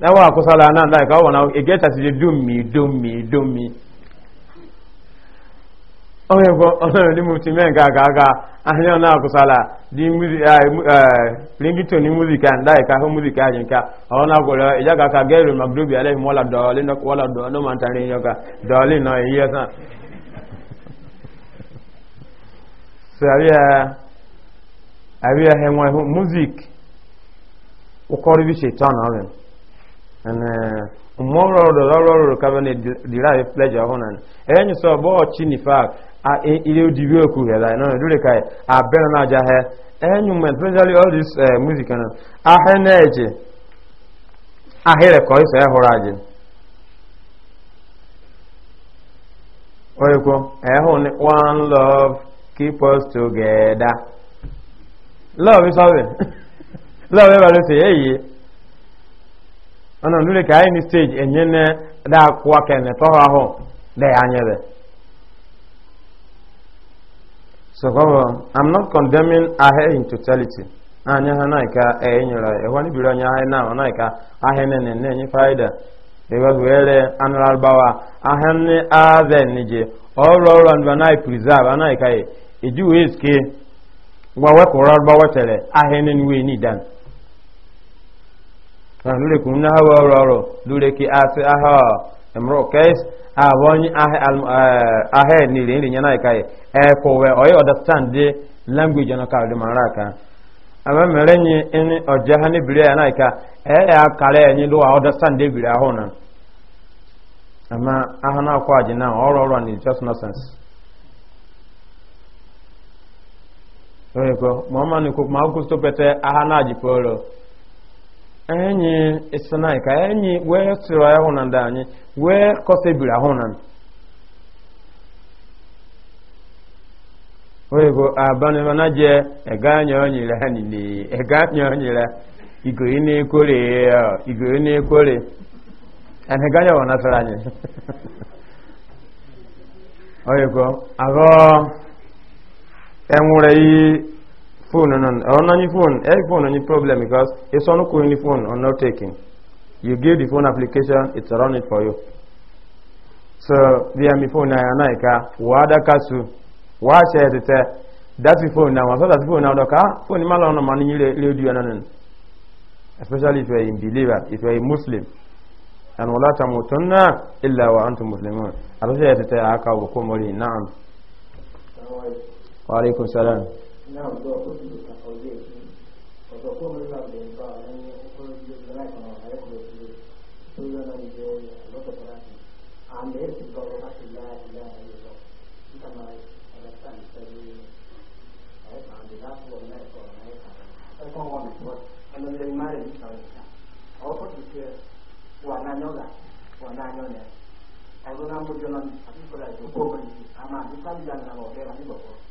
na wa kusala nan da ka wana e geta si dummi dummi dummi o ye go ona ni muti men ga ga ga na di muzi eh lingito ni muzika nda ka ho muzika ajin ka ona go lo ka ale mo la do no man tani yo muzik and uh, mmọrọ ọrụ ọrụ ọrụ kabane derive pleasure ọhụrụ nanị enyi sọ bụ ọchị nifa e, ile odiwe okwu hela na ọdụrụ ka abịa na aja ha enyi mgbe especially all this uh, music na ahịa na-eji ahịrị ka ọsọ ehụrụ ajị oyekwo e one love keep us together love is all <laughs> love everybody e say hey ana nule ka anyị stage enye ne da akwa kene tọrọ ahụ da ya anyere so kọbọ i'm not condemning ahịa in totality anya ha naika e nyere ewa ni biro anya ahịa e, na ọ naika ahịa ne ne ne faida ewa gwere anral bawa ahịa ne aze nije ọrụ ọrụ ndụ na preserve anaika e iji e, wee ske gwa wekọrọ bawa tere ahịa ne ni we ni dan lulekun na ọrụ ọrụ lureki asị aha emro kes abonyi ahe niri na nyana ka ekowe oyi understand the language na kawde mara ka ama mere nyi ini oje ha ni bire na ka e e akare nyi do understand the bire ahụ na ama aha na akwa na ọrụ ọrụ just nonsense oye ma enyi isinai ka enyi wee siri ahụ na ndị anyị wee kọsebiri ahụ na oyibo abanima na je ega anyị onyere ha nile ega anya onyere igori na ekwere igori na ekwere ana ega anya wanasara anyị <laughs> oyibo agọ enwere iyi. phone on eh, on any phone every phone any problem because it's on any phone or not taking you give the phone application it's run it for you so the mi phone na na ka wada kasu wa share the that eh? phone now so that phone now doka ah, phone ma lono man ni radio na nan especially if you are a believer if you are a muslim and wala tamutunna illa wa antum muslimun arja ta ta aka ko mori na'am wa alaikum salam náà gbọ́ ó sì lè kàkọ́ ilé ìfún ọ̀dọ̀ kó mi náà lè bá ọ̀rẹ́ ní ọkọ̀ ilé ìfún láì kan ọ̀rẹ́ kò sí lè tó yọ náà ìjọ lọ́sọ̀ tó láti àmì èsì lọ láti lá ilé ayé lọ nígbà máa ọ̀rẹ́ sáà ní sẹ́yìn ọ̀rẹ́ kan àmì láti wọ̀ náà ẹ̀kọ́ ọ̀rẹ́ kan ẹ̀kọ́ wọn mi bọ́ ẹnu lè má rè ní ọ̀rẹ́ kan ọkọ̀ tó ṣe wà náà yọ̀gà wà náà yọ̀nà ọdún náà mo jọ náà àti kọ́lá ìdókòwò yìí àmà àti sáà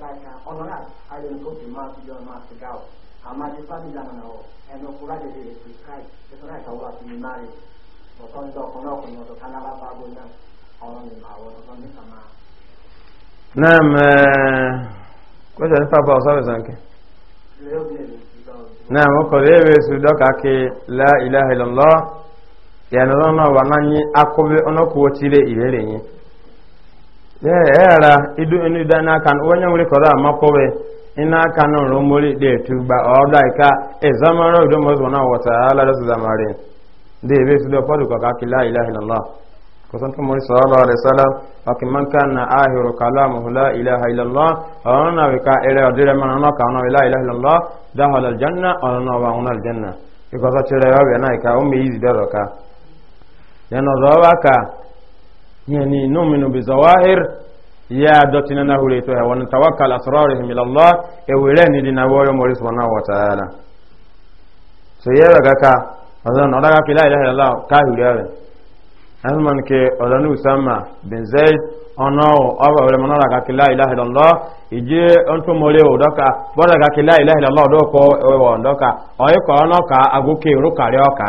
like uh, on earth, I will go to Mount John Mount Gao. Amadi family na nao, eno kuraje de prescribe. Eso na tawa ni mari. Otondo kono kono to kana la babu na ono ni mawo no ni kama. Naam eh kwesa ni papa osawe zanke. Naam o ko lewe su doka ke la ilaha illallah. Ya no no wa nanyi akobe ono kuotire ilere yin era idu inu da na kan wanya wuri kora makobe ina kan non romori de tuba o da ka e zamaro idu mo a wa taala da zamare de be su da fadu ka ka la ilaha illallah ko san tumo sallallahu alaihi wasallam wa kin man kana ahiru kalamuhu la ilaha illallah ona we ka ere odire man ona ka ona la ilaha illallah dakhala aljanna ona wa ona aljanna iko sa chere yo be na ka o me izi daro ka yana zo ba يعني نؤمن بظواهر يا دوتنا نهولي ونتوكل أسرارهم إلى الله إولاني دينا ويوم سبحانه وتعالى سيئة كاكا أظن أراك لا إله إلا الله كاهل يابن أهمن كي أظن أسامة بن زيد أنه أبا أولا من أراك لا إله إلا الله إجي أنتم موليه ودوكا بودا كاكي لا إله إلا الله دوكو ويوان دوكا أيكو أنوكا أغوكي روكا ريوكا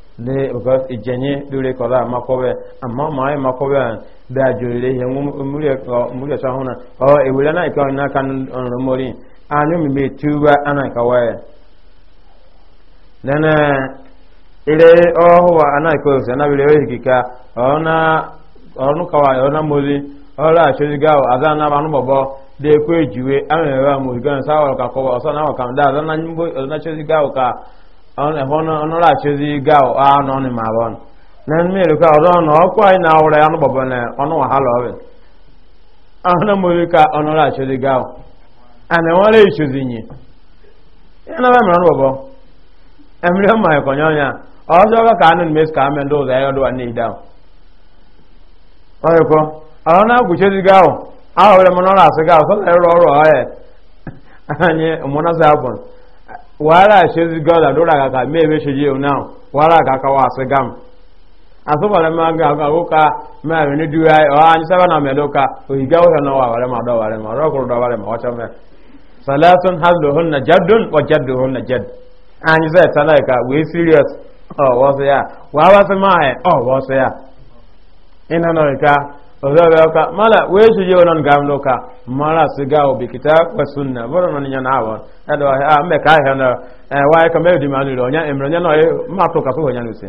le because ijenye dure kola makobe amma mai makobe da jure he muriya muriya e e sahuna o e wala na ka na kan rumori anyo mi be tuba ana ka waye nana ile o wa ana ko se na bile wiki ka ona onu ka wa ona mori ola ga o ba nu bobo de ko ejiwe mo gan ka ko so na da ọnụrụ ga anọ na mmiri ka ọzọ na ọkwa anyị na-awụrụ ya ọnụgbọbọ na ọnụ ha ọbịa ọnụ mmiri ka ọnụrụ ga ana enwere ichuzi nye ya na mere ọnụgbọbọ emiri ọma ịkọnye ọnya ọzọ ka anụ mmesi ka amị ndị ụzọ ya na ọrịkọ ọrụ na ga ga na ọrụ ọhịa anyị wàhálà ṣe gọ́dà lórí àkàkà mẹ́ẹ̀mẹ́ ṣe o náà wàhálà àkàkà wà sí gam àtúbọ̀lẹ̀ máa ń ga àkókò mẹ́rin ní dúró ayé ọ̀hán ní sábà náà mẹ́lọ́ka òyìnbá ó sọ̀nà wà wàrẹ́ màdọ́ wàrẹ́ màá rọ́kùnrin dọ̀ wàrẹ́ màá wọ́chọ́ mẹ́ salasun hazlohun na jadun wa jadduhun na jad an zai tana ka wee serious oh wasu ya wa wasu ma eh oh wasu ya ina na ozobe oka mala wesu je onon gamdo ka mala siga obi kitab wa sunna boro non nyana awon edo eh, a ah, me ka ah, he eh, no e wa ka me di manu ro nya emro nya no e ma to ka so nya no se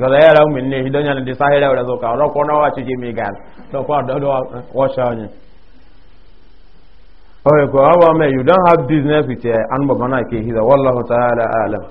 gola ya rawu min ne hidonya ne sahira wa zo ka ro ko na wa chiji mi gal to ko do do wa sha nya o ko awa me you don't have business with an babana ke hida wallahu ta'ala alam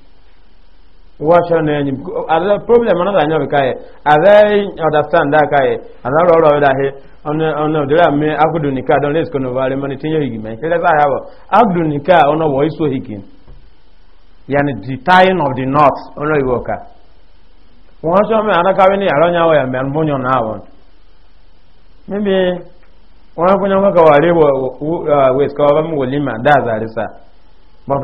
washa na enyi ada problem ana da nyabe kai ada understand da kai ana ro ro da he ona ona dira me akudu nika don let's go no vale mani tinyo higi me ele ba yawo akudu nika ona wo iso the tying of the knot ona iwoka won so ana kawe ni aronya wo ya me munyo na awon but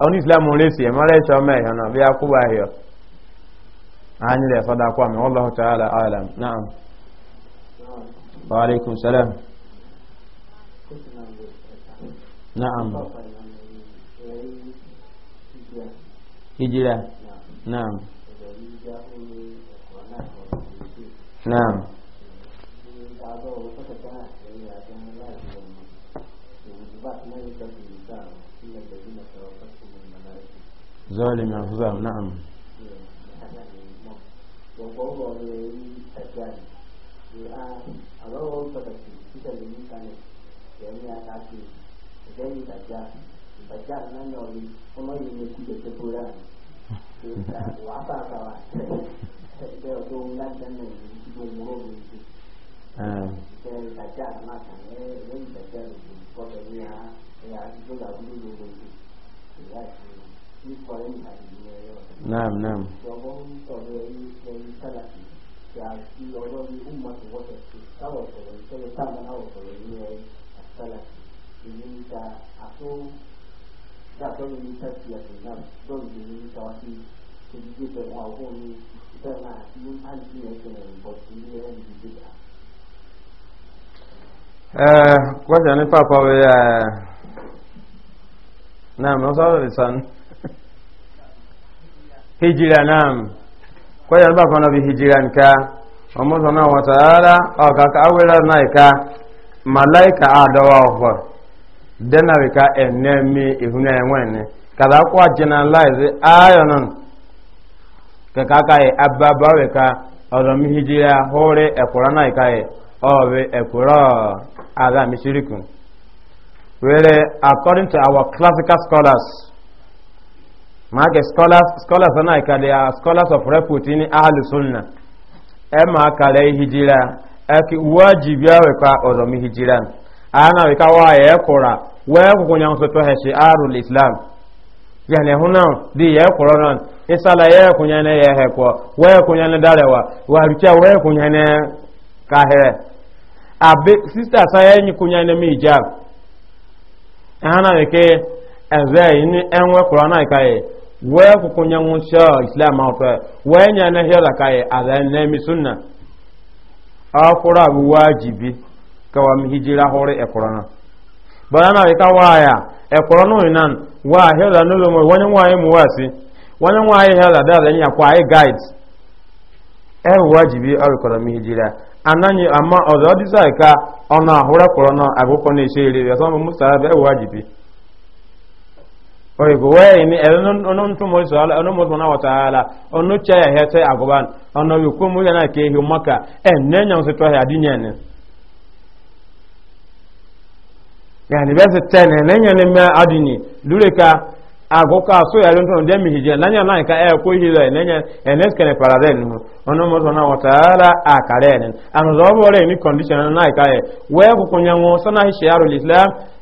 onye islam ole si emara ịchọ mee ya na bịa kwụba ahịa anyị da fada kwa mi wallahu ta'ala na'am wa alaikum salam na'am hijira na'am na'am na'am ظالم أنفسهم نعم Thank you naam naam Uh, question if I probably uh, no, I'm not sorry, son. hijira nam ko ya ba kono bi hijiran ka amma sana wa ta'ala o ka ka awira nai ka malaika adawa ho dena bi ka enemi ihuna enwene kada ko generalize ayonon ka ka ka ababa we ka ọ̀rọ̀ mi hijira hore ẹ̀kọ́rọ̀ náà ìka ẹ̀ ọ̀rẹ́ ẹ̀kọ́rọ̀ ara mi ṣirikun wẹ́rẹ́ according to our classical scholars maake scholars scholars ana ka they scholars of repute ni ahlu sunna e ma ka le hijira e ki wajibi awe ka ozo hijira ana we ka wa ye kora we kunya so to he islam yani huna di ye kora non isala ye kunya ne ye he ko we kunya ne wa rucha we kunya ne ka he sister kunya ne mi ana we ke ni na ka wee kwụkwụ nye nwụsịọ islam ọfọ wee nye na hịọla ka ada e, sunna ka hijira hụrụ na bana na ka waya ekwụrụ na ụnyan wa hịọla n'ụlọ mwe wanye nwaanyị mụ wasị wanye nwaanyị hịọla dada nye akwa anyị gaid ewu bi ọrịkọrọ anaghị ama ka ọ na-ahụrụ ekwụrụ na agụkọ na oyigo wee ni ɛn ɔno ntomo sɔɔla ɔno mo sɔnna wɔtaala ɔno kyɛ yɛ hɛtɛ agoban ɔno bi ko mu yɛ na kehi maka ɛn ne nyɛ nso tɔ yɛ adi nyɛ ne yanni bɛ se tɛ ne ne nyɛ ne mɛ ka ago ka so yɛ lento ne mi hijɛ na nyɛ na yi ka ɛ ko hi lɛ ne nyɛ ɛne sikɛnɛ para dɛ ne ho ɔno mo sɔnna wɔtaala a kare ne ano zɔn bɔre ni kɔndisɛn na yi ka yɛ wɛ ko ko nyɛ ŋo sanni a yi sɛ islam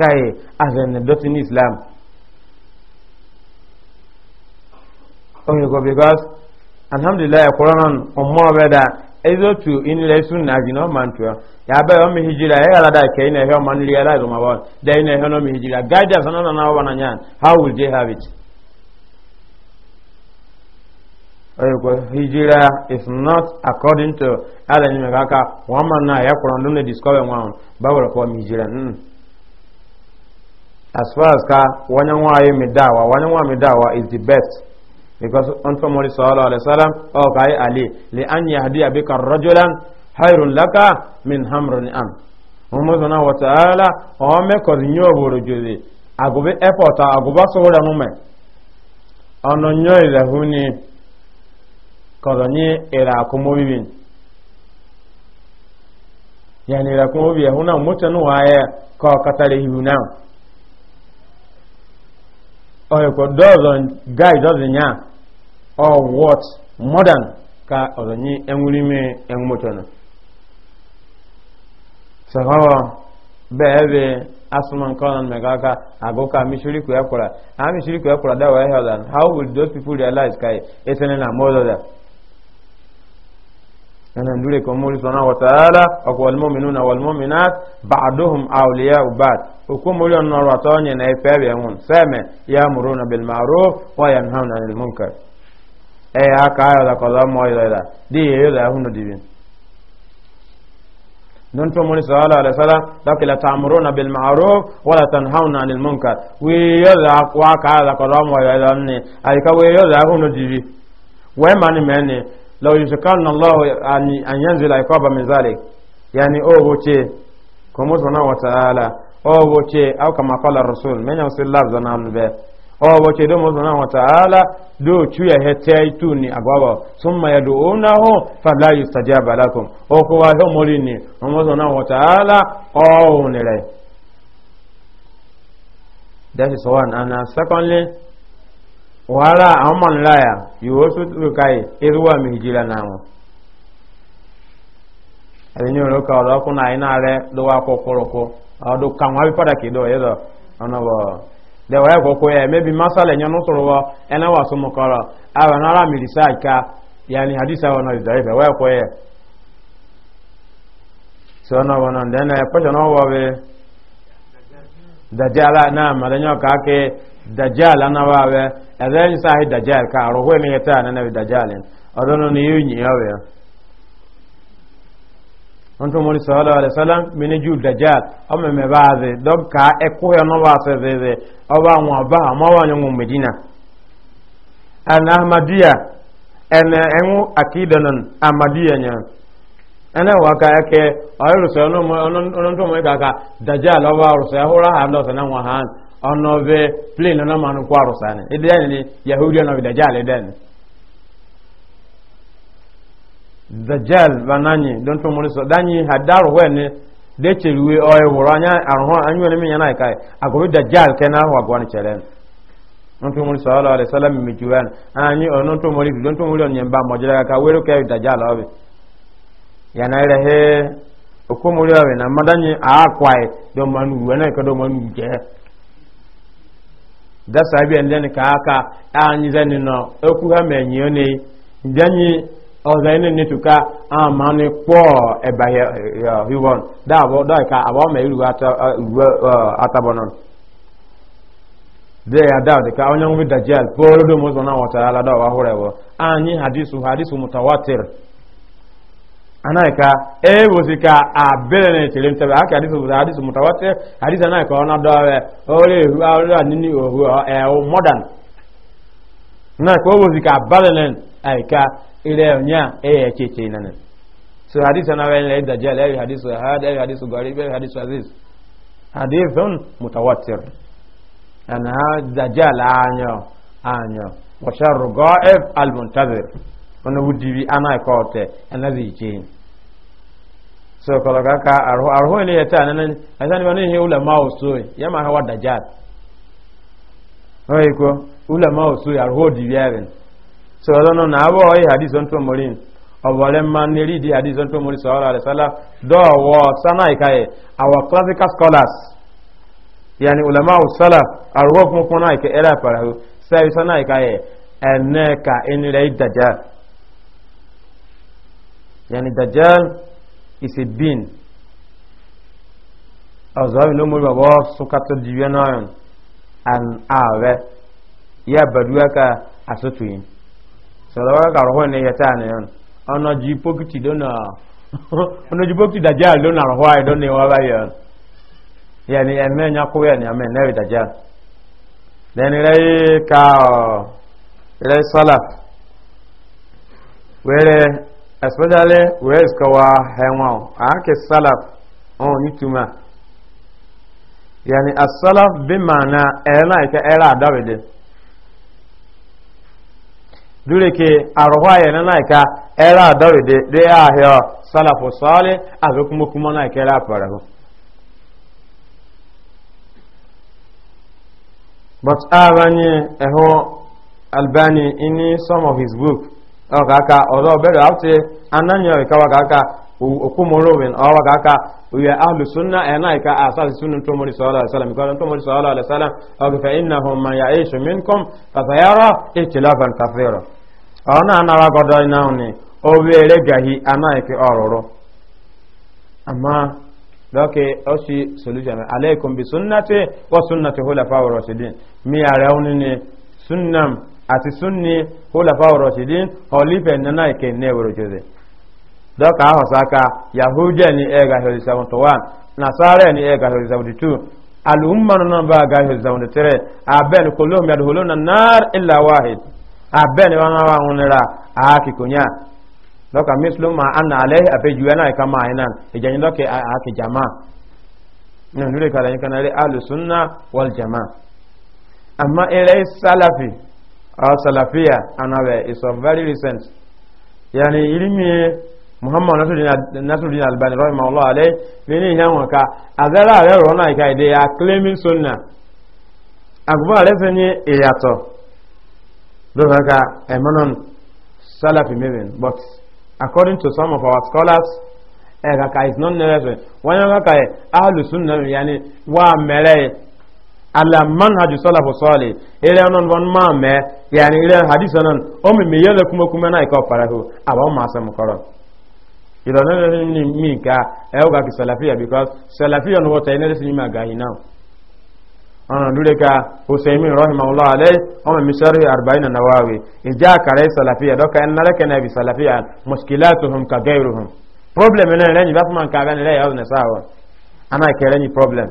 kai azan dotin islam onye go because alhamdulilayi alhamdulillah qur'an umma beda ezo tu in le sunna gi no man tu ya ba o mi hijira e ala da kai ne he man li ala do ma ba da ne he no mi hijira gaja sana na wa na nyan how will they have it onye go hijira is not according to ala ni me kaka wa man na ya qur'an don discover one ba wa ko mi hijira mm. as far as ka wanyanwa ayi mi dawa wanyanwa mi dawa is the best because on to mori sallallahu alaihi wasallam oh, ka ayi ali li an yahdiya bika rajulan khairun laka min hamrin am umma zana wa ta'ala o me ko nyo boro jode agobe agoba so mu me ono nyo huni ko era ko mo yani ko huna ya ko ọ̀rẹ́kọ̀ dọ́ọ̀zọ̀ gáì dọ́ọ̀zọ̀ yá or what modern ka ọ̀rọ̀ yí ẹnwúrímí ẹnwúmọ́tọ̀nà sọ̀rọ̀ bẹ́ẹ̀rẹ̀ asman kanan megaka agoka mishiriku ekwura ha mishiriku ekwura dawa ehe ọ̀dàn how will those people realize kai etenena e mọ́ọ̀dọ̀dà أنا ندرك أمور سبحانه وتعالى أقوى المؤمنون والمؤمنات بعضهم أولياء بعض وكم مليون نورتون ينفع يمون سامع يأمرون بالمعروف وينهون عن المنكر أي هكا لك الله ما إلا دي إلا هون دين ننتم من صلى الله عليه وسلم لكن لا تأمرون بالمعروف ولا تنهون عن المنكر ويلا أقوى كذا كلام ويلا أني أيك ويلا هون دين وين ماني ماني law yuskanna Allah an yanzila iqaba min zalik yani o hoce ko mo sona wa ta'ala o hoce aw kama qala rasul men yan sil lafza nan be o hoce do mo sona wa ta'ala do chuya hetai tuni agwaba summa yad'unahu fala yustajaba lakum o ko wa ho molini mo sona wa ta'ala o unire that is one and secondly wàhálà àwọn mọ̀ níláyà yòó tó tó káyì irúwà mi na náà wọn ẹ̀yìn òun ló ka ọkùnrin àyìn rẹ ló wá kó kórókó kan wọn bí pàtàkì dọ̀ yẹ lọ ọ̀nà ya dẹ̀wọ̀ yẹ masala ẹ̀yìn wọ wà sọmọ àwọn ara mi yanni hadisa wọn yẹ. náà náà Dajal dajjal anabawe ezeni sahi dajjal ka arohwe ni yeta na nabi dajjalin odono ni yunyi yawe onto mori sallallahu alaihi wasallam mini ju dajjal o me me baaze dog ka e ko yo no ba se ze ze o ba won ba ma wa nyu medina an ahmadiyya en enu akidanan ahmadiyya nya ene wa ka eke o yo so no mo onto mo ka ka dajjal o ba ro se ho ra ha ndo se na wa han ono plen plane na manu kwaro sane idan ni yahudi ono ve dajjal idan dajjal banani don nanyi mo so ne de cheruwe o e woro anya arụhụ anyị nwere menya na kai ago dajjal ke na ho agwa anyị cheren don to mo so ala alayhi salam mi juwan anyi onon to mo ri don to mo ri anyị na madani dasa da sabi ndị kaaka aka anyị zeni nọ ekwu ha ma enyi onye ndenyi ọzọ ene ne tuka ama ni kpọ eba ya hiwon da abo da ka abo ma iru ata iru atabonon de ya da de ka onye nwe dajal polo do mo zona wa taala da wa horewo anyị hadisu hadisu mutawatir anaika ewozika abere na echere ntebe aka hadisi obodo hadisi mutawatir hadisi anaika ọ na-adọwe ọrụ ehu ọrụ nini ohu ewu eh, modern anaika owozika abere na aika ire e ya echeche nane so hadisi anawe ile dajjal ewi hadisi ahad ewi hadisi garib ewi hadisi aziz hadithun mutawatir ana dajjal anyo anyo wa sharru ghaib al-muntazir wani wudibi ana kawata ana zai ke so kọlọka ka arho ile ya ta nan asani wani ihe ulama oso ya ma hawa dajjal oyi ko ulama oso ya arho di biyarin so ọlọ́nà na abọ́ oh, ọyí hadi on tó morin ọ̀bọ̀lẹ́ ma ní rí di hadith on tó morin sọ̀rọ̀ alẹ́sálá dọ́ọ̀wọ́ oh, sana ikaye our classical scholars yani ulama usala arho kuma kuna ike era farahu sai sana ikaye ẹnẹ ka ẹni rẹ̀ dajjal yani dajjal is a being Azawi lo mori baba sukato diwe nayon an awe ya baduwa ka asutu yin salawa ka roho ne ya yon ona ji pokiti dona ona ji pokiti dajjal dona roho ay dona wa ba yon yani emme nya ko yani emme ne dajjal then rai ka rai salaf were especially where is kawa henwa ake salaf on ituma yani as-salaf bi na ela ike era adawede dure ke arwa yana na ika era adawede de ahia salafu salih azu kuma na ike era parahu but abanye eho albani in some of his books. ọka aka ọzọ bẹrẹ afti ananya ka waka aka okumorowin ọwa ka aka oye ahlu sunna ẹna ika asasi sunu tomori sallallahu alaihi wasallam ikọrin tomori sallallahu alaihi wasallam ọkùnfẹ inna hum man ya ishu minkum fasayara ikhtilafan kathira ọna anawa gọdọ ina ni owere gahi anaiki ọrụrụ amma lọ́kẹ́ ọ́sí solution aleikum bi sunnati wa sunnati hulafa wa rashidin mi yàrá òní ni sunnam Ati sunni hulafa rọ̀ṣìdín ọ̀lífẹ̀ nana ìkẹ́ ní ẹ̀wọ̀rọ̀ jẹ́dẹ̀ dọ́kà ahọ̀sáka yahudu ní ẹ̀ẹ́gà hẹ̀rẹ̀ seventy one nasara ní ẹ̀ẹ́gà hẹ̀rẹ̀ seventy two alùmọ̀nù náà bá ga hẹ̀rẹ̀ seventy three abẹ́ni kolóhùn yàtọ̀ holo na náàr ilà wáhid abẹ́ni wọn wá wọn nira àákìkònyà dọ́kà mísùlùmá àná alẹ́ àfẹ́jùwẹ́ náà ìka máa iná ìjẹ̀yìn dọ́kà àákìjàmá nínú ìkàlẹ̀ yìí kan náà rí alùsùn náà wọ́l jàmá àmọ́ eré sálàfì or salafia anawe is very recent yani ilimi muhammad nasiruddin albani rahimahullah alayhi nini yanwa ka azara are rona ika ide ya claiming sunna agbo are se ni iyato lórí aka ẹ̀mọ́nà salafi mẹ́rin but according to some of our scholars ẹ̀ka eh, ka is not necessary wọ́n yẹn ká ka ẹ̀ eh, alùsùn náà yẹn ni wà ala manhaju salafu sali ire non bon ma me yani ire hadis non o mi yele kuma kuma na ko parahu aba ma sam koro ilo non ni mi ka e o ga ki salafiya because salafiya no wota ene ni ma ga hina ana dure ka usaymin rahimahullah alay o mi sharhi 40 nawawi ija kare salafiya do ka en na ke na bi salafiya mushkilatuhum ka gairuhum problem ne ne ni ba man ka ga ne ya na sawa ana kere ni problem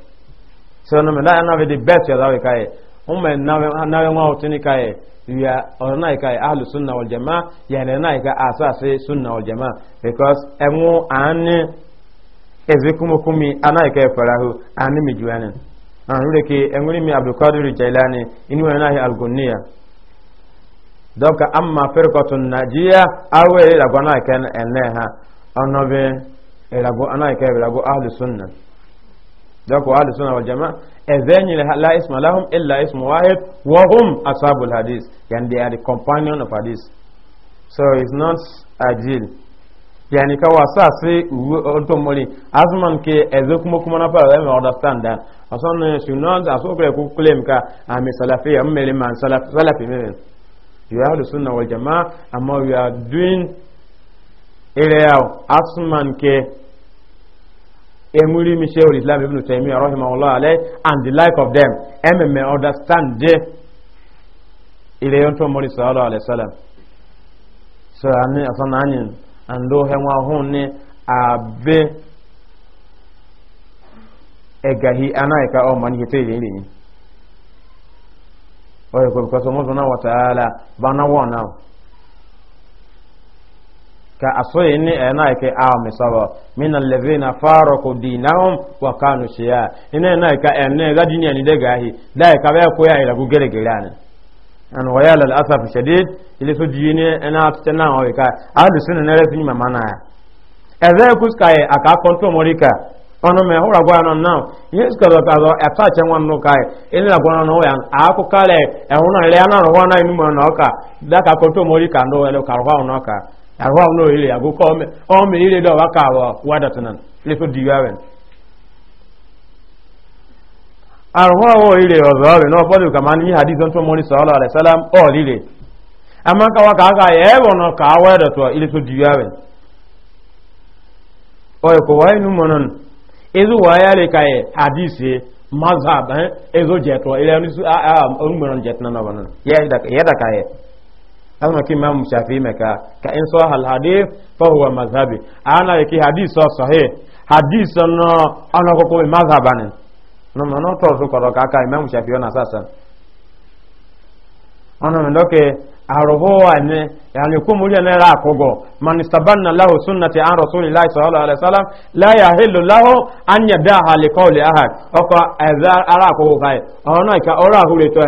sọnù mi náà nàbẹ di bẹẹsì ọdáwì kae. ọmọ ẹ nàbẹ wọn ọtí ni káyẹ ìyá ọ̀rọ̀ kae. ahlu sunna wal jamaa Ya náà ka asaase sunna wal jamaa because ẹ̀wọ̀n àánì ẹ̀zẹ̀ kúmukúmi anáyíká ẹ̀fọ́ráhù àánì mi ah, mi abdulkadir jailani inú ẹ̀ náà algunniya dọ́kà amma fẹ́rẹ̀kọ̀tún nàjíyà awọ ìrìnàgbọ́ náà kẹ́ ha ahlu sunna. dako ahlu sunna wal jamaa ezeni la isma lahum illa ismu wahid wa hum ashabul hadith yani they are the companion of hadith so it's not ideal yani ka wa sa se to moli azman ke ezo kuma kuma na fara me understand that asan eh, sunnah aso ko ko claim ka am salafi am mele man salaf salafi me you are the sunna wal jamaa amma we are doing area azman ke emuri mi shehu islam ibn taymiyyah rahimahullah alayh and the like of them emme understand je ile yon to mori sallallahu alaihi wasallam so ani asana ani ando he wa hun ni abe egahi anaika o man hite ile ni o ko ko so mo na wa taala bana wa now ka yi ni ena ke a mi sabo min di na dinahum wa kanu ya. ina ena ka enne ga dinya ni de gahi dai ka ba ko ya ila ku gere gere an an waya lal asaf shadid ile so dini e na tena o ka ahlu sunna ne rafi ma mana ya eze ku sky aka konto morika hura gwa ka e, ka zo ata che wan no kai ile la gwa ya e a ku kale e huna ile na ro agwa no ile ago ko me o me ile do waka wa wada tanan le to diwawen arwa o ile o zawe no bodu kama ni hadithon to moni sallallahu alaihi wasallam o ile ama ka waka ga ye wono ka wada to ile to diwawen o ko wai nu monon ezu ya le kai hadisi mazhab eh ezo jeto ile ni su a a on monon jetna na wonon ya da ya da kai azma ki imam meka ka in so hal hadith fa huwa mazhabi ana yake hadith so sahih hadith no ana ko ko mazhaban no no to so ko ka ka imam shafi ona sasa ana ndoke arohowa ne yani kumulya ne ra kogo man istabanna lahu sunnati an rasulillahi sallallahu alaihi wasallam la yahillu lahu an yadaha li qawli ahad oko azar ara kogo kai ona ka ora hure to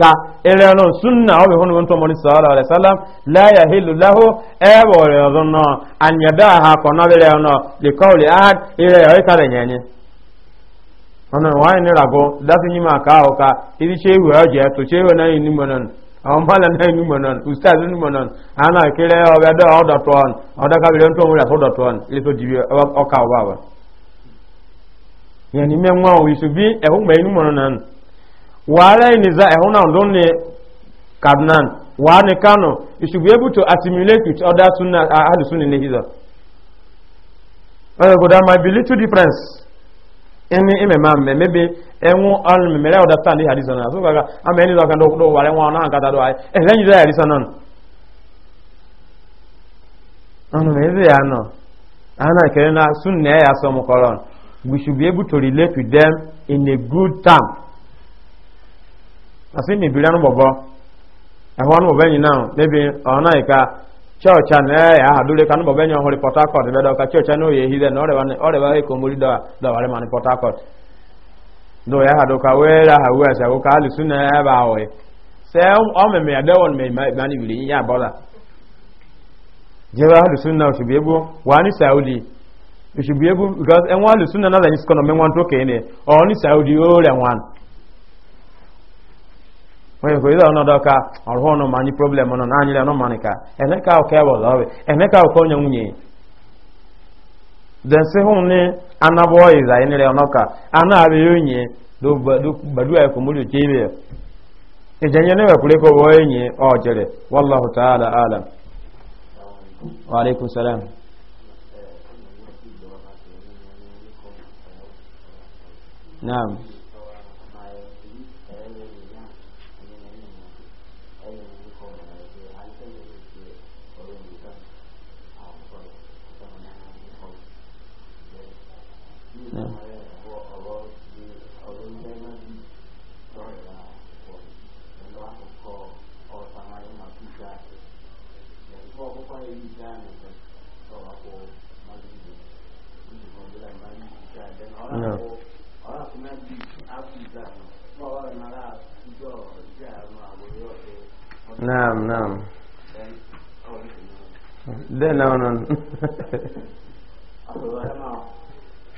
ka ìlànà súnà ọ̀bẹ̀ fún ìwọ̀n tó mọ̀ ní sọ́ọ́lọ́ rẹ̀ sọ́lá láyà hìlù láhù ẹ̀wọ̀ rẹ̀ ọ̀dún náà ànyàdá àhà kọ̀nà rẹ̀ ọ̀nà lìkọ́ọ̀lì áhàd ìrẹ̀ ọ̀rẹ́ kàrẹ̀ yẹn ni. ọ̀nà wáyé ní ràgó dáfi yín máa ká ọ̀ka ibi ṣé ìwé ọ̀jẹ̀ tó ṣé ìwé náà yìí nímọ̀ náà àwọn mọ́lẹ̀ náà yìí nímọ̀ náà ustaz nímọ̀ náà àná ìkéré ọ̀bẹ dọ́ ọ̀dọ̀ tó ọ̀dọ̀ kábìlẹ̀ ń wúlẹ̀ fọ́dọ̀ tó ọ̀n ilé tó dìbí ọkà ọ̀bà wa. yẹn ni mẹ́wọ́n òwìsù ẹ̀hún mẹ́yìn nímọ̀ náà wàhálà iniza ẹ̀hún náà ló ní kabnan you should be able to assimilate with other sunna uh, ahadu sunni ní jesus. ọ̀rọ̀ kò dá my be little difference ẹni ìmẹ̀ máa mẹ̀ mẹ́bi ẹ̀wọ̀n ọ̀rùn mẹ̀mẹ̀rẹ̀ ọ̀dà stand ní àdìsàn náà sọ́kàkà àmì ẹni lọ́kàn lọ́kàn wà lẹ́wọ̀n náà kàtà lọ́wọ́ ẹ̀ nọ àná na náà sunna so yà sọmọkọrọ we should be able to relate with them in a good time. asi e eh, e e eh, ni biri anu bɔbɔ ɛhɔ anu bɔbɔ naa ebi ɔna yi ka na anu ɛyɛ ahadule ka anu bɔbɔ ɛnyin ɔhɔri port harcourt bɛ dɔ ka church ehi na ɔrɛba ɔrɛba eko mori dɔ dɔ ni port harcourt ya hado ka wɛrɛ ka sɛ ɔmɛmɛ ya dɛwɔ mɛ mɛ ni biri ya bɔ la jɛba ali ebu wani saudi ebu because na lɛ ni sikɔnɔ mɛ to ne onye kwe ọnọdụ oh, ka ọrụ ọnụ ma anyị problem nọ n'anyịrị ọnụ mmanụ ka eneka ọka ebe ọzọ ọbị onye nwunye densi hụ ni anabọ ịza ịnịrị ọnụ ka anụ abịa onye gbadu ya kwa mmiri ibe ka enyi ọjịrị wallahu Yeah. No. Naam, naam. Then, oh, no, no. <laughs>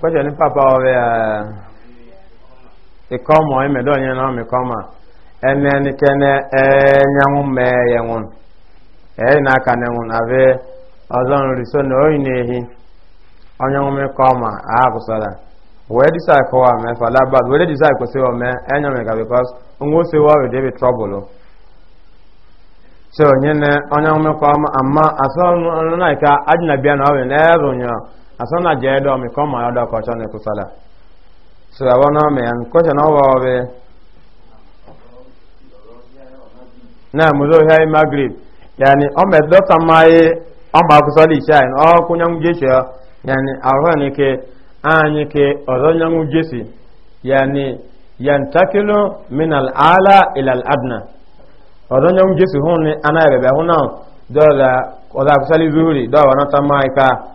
kwacha ni papa ọbẹ ẹ ikọmọ ẹmẹdọ yẹn náà mi kọmọ ẹnẹ nìkẹnẹ ẹnyẹnwó mẹẹyẹnwó ẹyìn náà kà nẹwó nàbẹ ọzọrun rìsọ ní oyin n'ehi ọnyẹnwó mi kọmọ ààbùsọdà wẹ́ẹ́ dísà ẹ̀kọ́ fàlà sí sí débi asana jɛ mi kɔn maa dɔ ne kusala sɔrɔ wɔn mɛ yan kɔtɔ n'o wɔ bɛ na muso hɛ magrib yani ɔn bɛ dɔ ta maa ye ɔn b'a kusali isa yi ɔ ko nyɛngu jesu ni ke an ke ɔzɔ nyɛngu yani yanni yantakilo minal ala ilal adna ɔzɔ nyɛngu jesu hun ni ana yɛrɛ bɛ dola na dɔw la ɔzɔ akusali ka.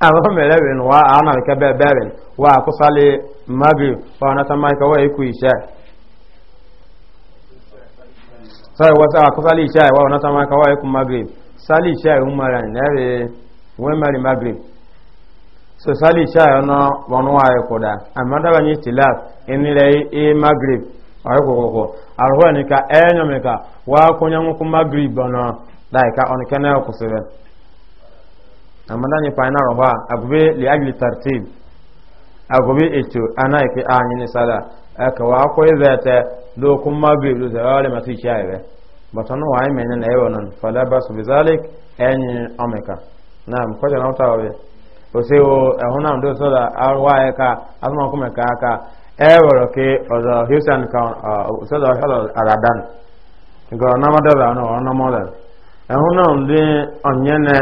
ama mere bin wa ana ka be beben wa kusali magri fa na tamai ka wa ku isha sai wa sa kusali isha wa na tamai ka wa ku magri sali isha umara ne be we mari magri so sali isha na wonu wa ya koda amma da banyi tilaf in rai e magri ayo ko ko arho ni ka enyo me ka wa kunya ku magri bana dai ka on kana ku sebe amma ne fa roha agube li ajli tartib agube eto ana ke anyi ne sala aka wa ko izata do kuma bi do sala le mati chaiwe bata no wa na ewo non fala basu enyi omeka nam ko jana wa o se o ehuna ndo da arwa eka kuma aka ewo ke ozo hisan ka aradan ngo na madara no no ehuna ndi onyene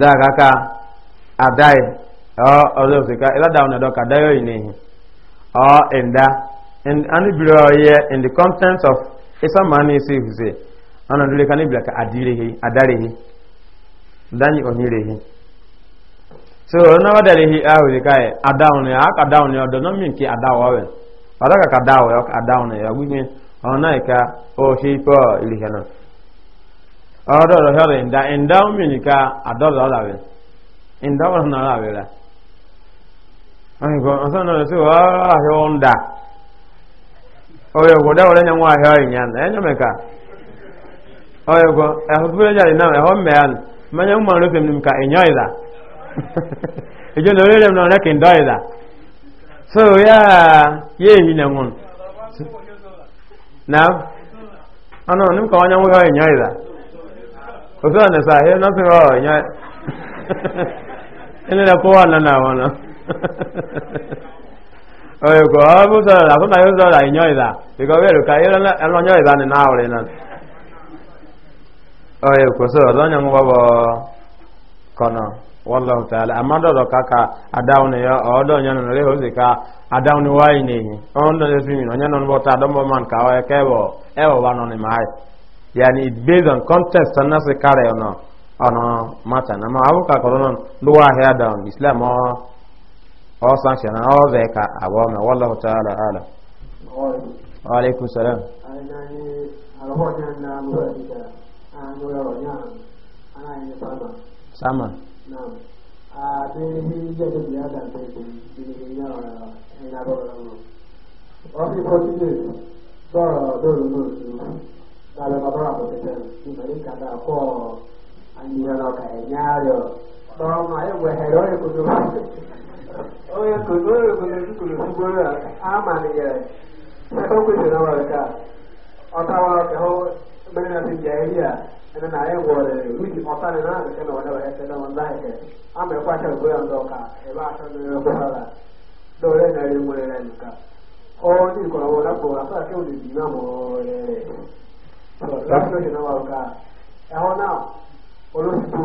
da aka adai ọ ọzọ sika ila da ọnọdọ ka dayo ihe ọ inda and ani biro in the contents of isa mani isi huse ọnọdụ dole ka ni bila ka adirehi adarehi dani onirehi so na ahụ ahu ka kai adaun ya aka daun ya do no min ki adawa we para ka ka dawo ya ka daun ya gbe ona ka o shi po ilihana ọdọdọ hẹrẹ nda nda mminika adọdọ nda ọdọ nara abịara ahịkọ ọsọ na enye ọrụ ọyọ gwọ ẹhọ fúnfún ẹjọ àdínà ẹhọ mmẹya nù mmanya so ya ehi na na ofe ọ na-esa ahịa nọsị ọ nya enere na na ahụ nọ oye ko ọ bụ sọrọ na afọ na ya ụzọ ra ịnyọ ọ were na ọnyọ ịza na ahụrị na oye ko sọrọ ọzọ onye nwụwa bụ kọnọ wallahu ta'ala amma kaka ka wa ni mi ta man ka ke bo e ni yani based on context na se kare ono ono matter na ma abuka koronon duwa hair down islam sanction na o ka na wallahu ta'ala ala wa alaikum salam sama na'am a de ni je de ya ni ya na balabababo imalinkada ko anyiranoka enyaalyo toma ewehere oyo kutuba oyo kutusikulusigolo amaniyere okwisinabaleka otawalokeho menasijairia ene naye ngolere witi otane nane kene wanewahetenewanzaheke ama ekwategoyandoka ebaasanekuhala dole nalimwelenka o nikola wona kuga sake ulizinamo olele lọ́sọ̀ ìdènà ọ̀gá ẹ̀họ́ náà olóṣùpù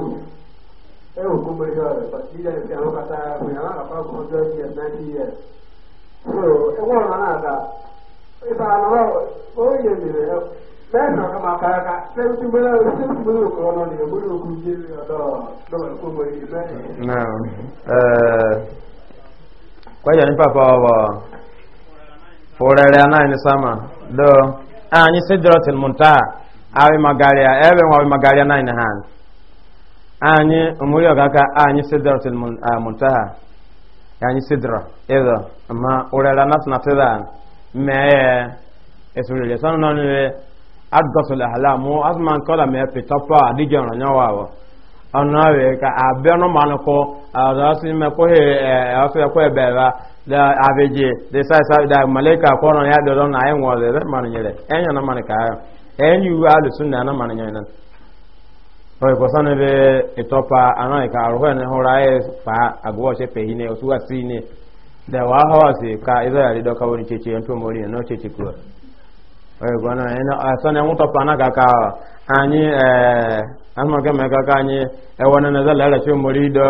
ẹ̀ wò kó gbèsè ọ̀rẹ́ pàṣẹ ìdílé ẹ̀fẹ̀ ẹ̀họ́ kata ẹ̀hún yàrá àpá ọkùnrin tó ẹ̀jẹ̀ ninety years so ẹ̀wọ́ ọ̀nà náà dà ìfà àlọ́ ó yẹ mìíràn ẹ̀ lẹ́yìn ọ̀gá máa kára ká lẹ́yìn tí anyị sidratil muntaha awi magaria ebe nwa magaria na ina han anyị umuri ogaka anyị sidratil ah, muntaha anyị sidra ịdọ ma urela nas na tidan me esurile sanu na ni mụ ahlamu asman kola me pitopa adige ran nyawa wo ona we ka abịa abenu manuko adasi me ko he eh, afi ko ebeba la abeje de sa sa da malaika ko non ya do na ayi ngol de man nyere enya na man ka enyu alu sunna na man nyere nan o ko sanu be itopa e ana e ka arho ne hora e fa agwo she pe hine o suwa sine da wa hawa se ka izo ya do ka woni cheche ento mori no cheche ko o ko na ena asana mu e topa na ka ka anyi eh amma ga me ka ka anyi e wona na zalla ra che mori do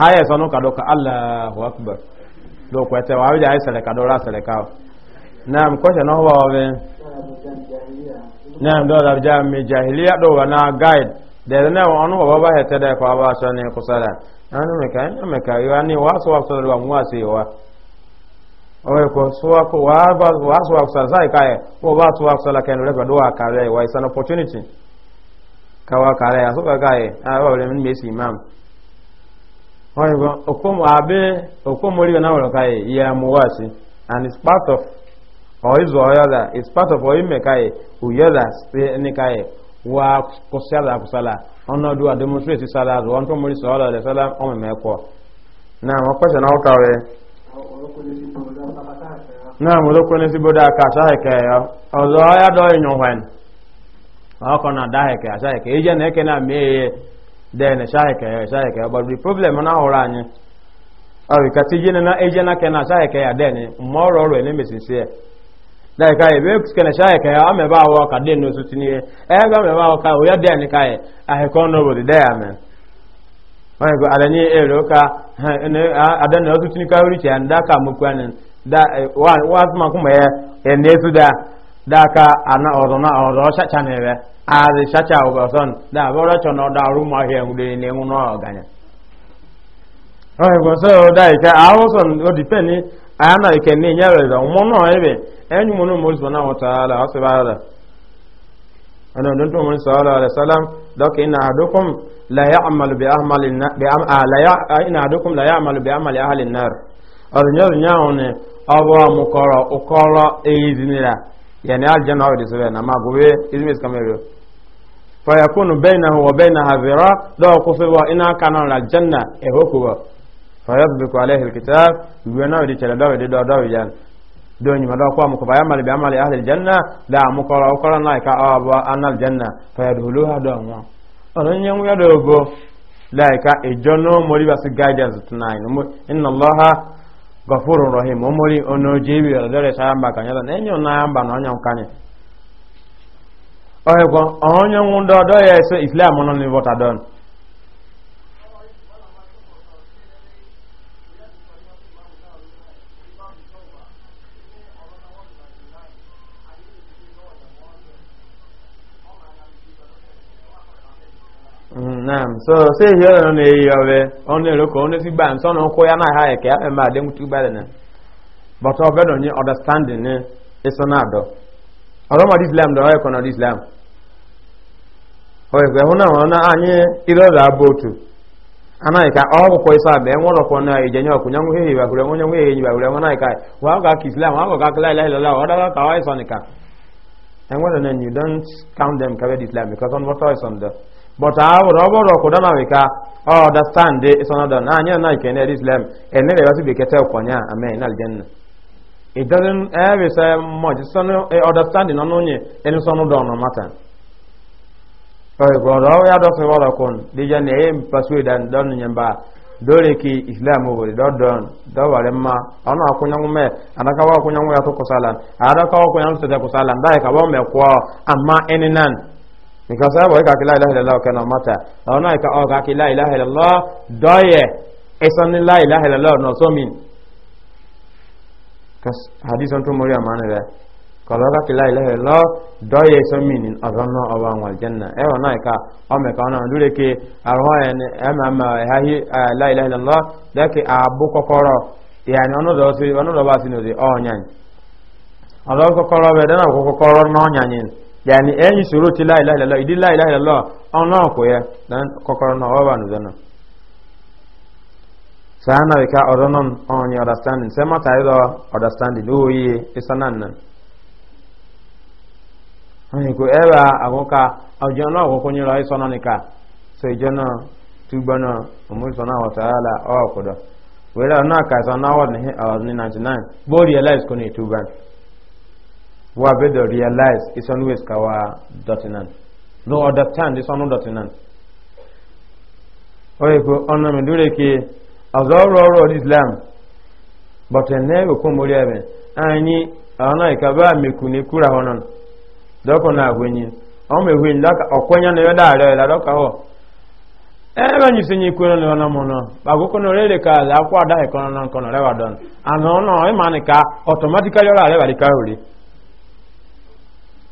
haya sanu ka doka allahu akbar do ko te wa wida sele ka do ra sele ka nam ko shano wa wa nam do da jami jahiliya do wa na guide de na wa onu wa ba hete da ko ba so ne kusala anu me kai me kai wa ni wasu wa so wa mu ase wa oye ko suwa ko wa ba wa so e wa so sai kai ko ba so wa so la kan re ba do akare wa is an opportunity kawa kare aso ka kai a wa le min me si imam However, Okom Abe Okomori Onawolokai Yamuwasi, and it's part of or is Oyoda, it's part of Oimekai, Uyoda, Nikai, Wa Kosala Kusala, Honor do a demonstrated salas, one from Moris Ola, the Salam on Meko. Now, a question out of it. Now, Mudokonesi Buddha Kasaheke, although I adore you when. How can I die? Kasaheke, Asian Ekena me. then shahike shahike but the problem na ọrụ anyị. Ọrụ kati jina na eje na kena shahike ya then moro ro ni mesin se da ka ebe kena shahike ya me ba ka den no suti ni e ga me ba wa ka o ya den ka ya a he kon nobody there man wa go ala ni e ro ka ne adan no suti ni ka ori che ka mu kwanin da wa wa ma kuma e ne su da daka ana ọdụna ọdụ ọchacha na-ere arị chacha da na ọdụ arụ ụmụ ahịa na n'ọganya da ike ahụsọ na enye rere ụmụ ebe enyi mụ na mozbo na wụtara ọsịba ara ana ọdụ ntụ mmiri sọrọ ala salam dọka ị na-adụkwum la ya amalu bi amali ahali nar ọ ọmụkọrọ ụkọrọ yani aljanna wa disobe na ma gobe izmi kama yo fa yakunu bainahu wa bainaha zira da ko fe wa ina kana na aljanna e hoko wa fa yasbiqu alayhi alkitab yuwana wa ditala da wa da da yan don yi madawa kuwa muku bayan malibi amali ahli aljanna da mu kora kora na ka aba an aljanna fa yadhuluha don wa on yan ya dogo laika ejono mori ba su guidance tonight inna allaha gafuru rahim omori ono jebi ọdọrẹ sara mba kanyata na enyo na mba na onye nkanye ọhịkwa onye nwụdọ dọ ya ese islam nọ n'ịbọta dọn Naam, so say here on onye year onye the local on the bank, so no koya na high care and my dem too bad. But our bed on your understanding is on ado. Aroma this lamb, the oil on this lamb. Oh, if we're on a any ilo da botu. Ana ka ọgwụ kwa na ejenye ọkụ nyanwụ ihe hiwa kwure onye nwe enyi wawure nwa naịka wa ka islam wa ka ọ na you don't ka but ahụrụ ọ bụrụ ọkwụda na wika ọ dastandị ịsọnọdọ na anya na ike na islam ene da wasu bekete kwanya amen na aljanna it doesn't every say much it's only understanding on onye any son do no matter oye gbọdọ ọwọ ya dọfẹ wọlọ kún díjẹ ní ẹyẹ mpasuwe dan dọnu yẹn ba dole ki islam wòle dọdọn dọwọlẹ mma ọnà akunyanwu mẹ anakawa akunyanwu yàtọ kusalan adakawa akunyanwu sẹtẹ kusalan báyìí kàwọn mẹ kọ àmà ẹni náà nka sabo ka kila ilaha illallah kana mata ona ka o ka kila ilaha illallah doye esan la ilaha illallah no so min kas hadis on to mori amana da kala ka kila ilaha illallah doye so min in azanna awan wal janna e ona ka o me ka ona dure ke arho en e ma yani ẹyin soro ti láìláìlọ́lọ́ ìdí láìláìlọ́lọ́ ọ̀nà ọ̀kọ̀ yẹ kọkọrọ náà ọba nìzọ náà sáánà ìka ọ̀dọ́ náà ọ̀hún ni understanding sẹ́mà tàìlọ́ understanding ó yẹ ìsánà náà ọ̀hún ìkó ẹ̀rọ àkọ́kọ́ ọjọ́ náà àkọ́kọ́ nyẹ́rọ ìsọ́nà nìka so ìjọ náà túgbọ́ náà òmù ìsọ́nà ọ̀tàlá ọ̀kọ̀dọ̀ wẹ́rẹ́ ọ̀nà àkàìsọ̀ náà wọ̀ 99 wa be realize it's always kawa dotinan no understand isan dotinan oye ko ọ̀nà mi lórí ke ọrụ ọrọ islam but ẹnẹ ìwòkó mórí ẹbẹ anyi ọ̀nà ìkàbá mekù ní kúrà ọ̀nà dọ́kọ̀ náà ọmọ dọ́kà ọ̀dà họ ẹ̀rọ ní ikú ní ọ̀nà àkókò náà rẹ̀ náà kọ́nà àná ọ̀nà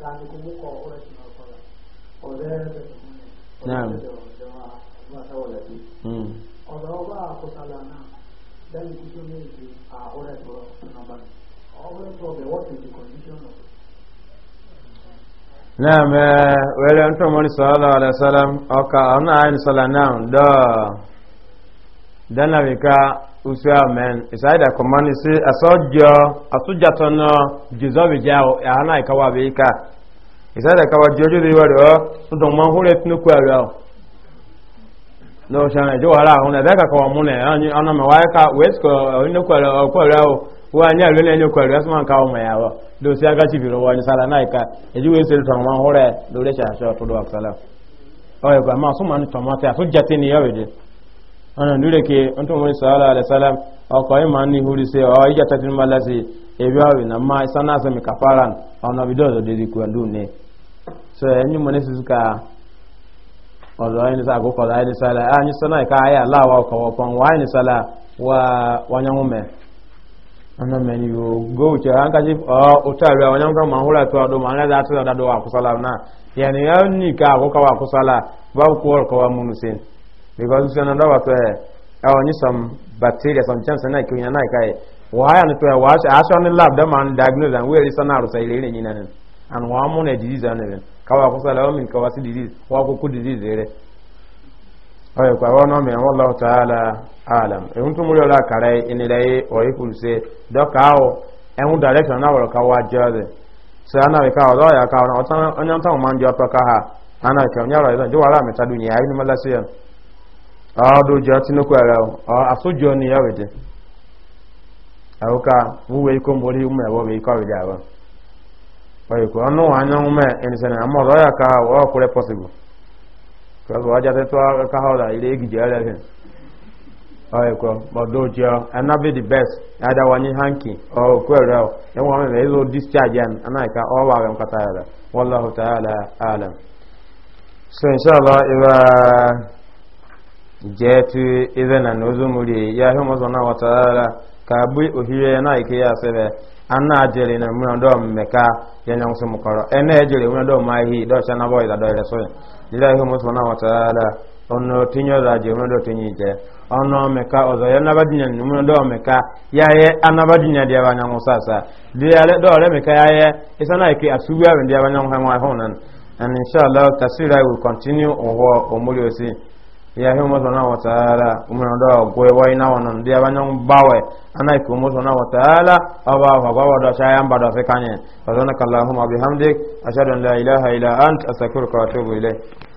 نعم نعم ولن تمر صلى الله عليه وسلم أو كأن عين صلى الله عليه وسلم dana wika usu amen da kumani si asojo asujata na jizobi a ya hana ikawa bika isaida kawa jojo di wado tudon man hure tinu kwaro no shana jo ara hun da ka kawa mun ana me wai ka wesko inu kwaro kwaro wa anya lo le inu kwaro asman ma yawo do si aga biro sala naika e man do le o e ma so ana nure ke anto mo sala ala salam o ko ma ni huri se o ija tatin malasi e bi awi na ma sana sa mi kafaran o na bido de di ku andu ne so e ni mo ne suka o do ayi sa ko ko ayi sala anyi sana e ka aya la wa ko ko wa ayi sala wa wa nyangu me ana me ni yo go che an ka ji o ta ri wa nyangu ka ma hura to do ma na da to da do wa kusala na yani ya ni ka ko ka wa kusala ba ko ko wa munusin because sɛ nɔdɔ wɔtɔ yɛ ɛwɔ nyi sɔm bacteria sɔm kyɛn na kiri na ka yɛ wɔhaya a tɔɛ eh, wɔasɔ asɔ ne lab dɛ man diagnose eh. and wɔyɛ sɛ na arosɛ yɛrɛ yɛrɛ nyina ne and wɔn na disease ano yɛ ka wɔ la ka disease wɔn akoko disease ere ɔyɛ kwa wɔn nɔmɛ wɔn lɔ tɔ ala alam ehun tó múlò la eh, na ana ka ana ka ọdụ ji ọtị n'okwu agha asụjụ ọnụ ya ọrịdị ahụka wụwe iko mgbori ume abụọ bụ ike ọrịdị abụọ ọyịkwa ọnụ ụwa anya ume amọrọ ya ka ọ kwere pọsịbụ ka ọ bụ ka ha ire ọrịa ihe ọyịkwa ọdụ ji ọ anabe the best adawanye hanki ọ enwe ọmụ ịzụ discharge ya ọ wara nkata ya ala ala so inshallah jetu ize na ozumuri ya hiyo zona wa taala ka bu ohiri na ike ya sebe anna na mu na mmiri mukoro ene ajere ya ndo ma hi do sana je mu ndo tinyi je ono meka ozo ya na badinya ni mu ndo meka ya ye anabadinya dia banya ngusasa dia le ya re meka ya ya banya and inshallah kasira will continue ya hiyo mwazo na wataala umeondoa kwe wai na wana ndia banya mbawe ana iku mwazo na wataala awa wa kwa wada shaya amba da fekanye fazanaka Allahumma bihamdik ashadu an la ilaha ila ant astaghfiruka wa atubu ilayk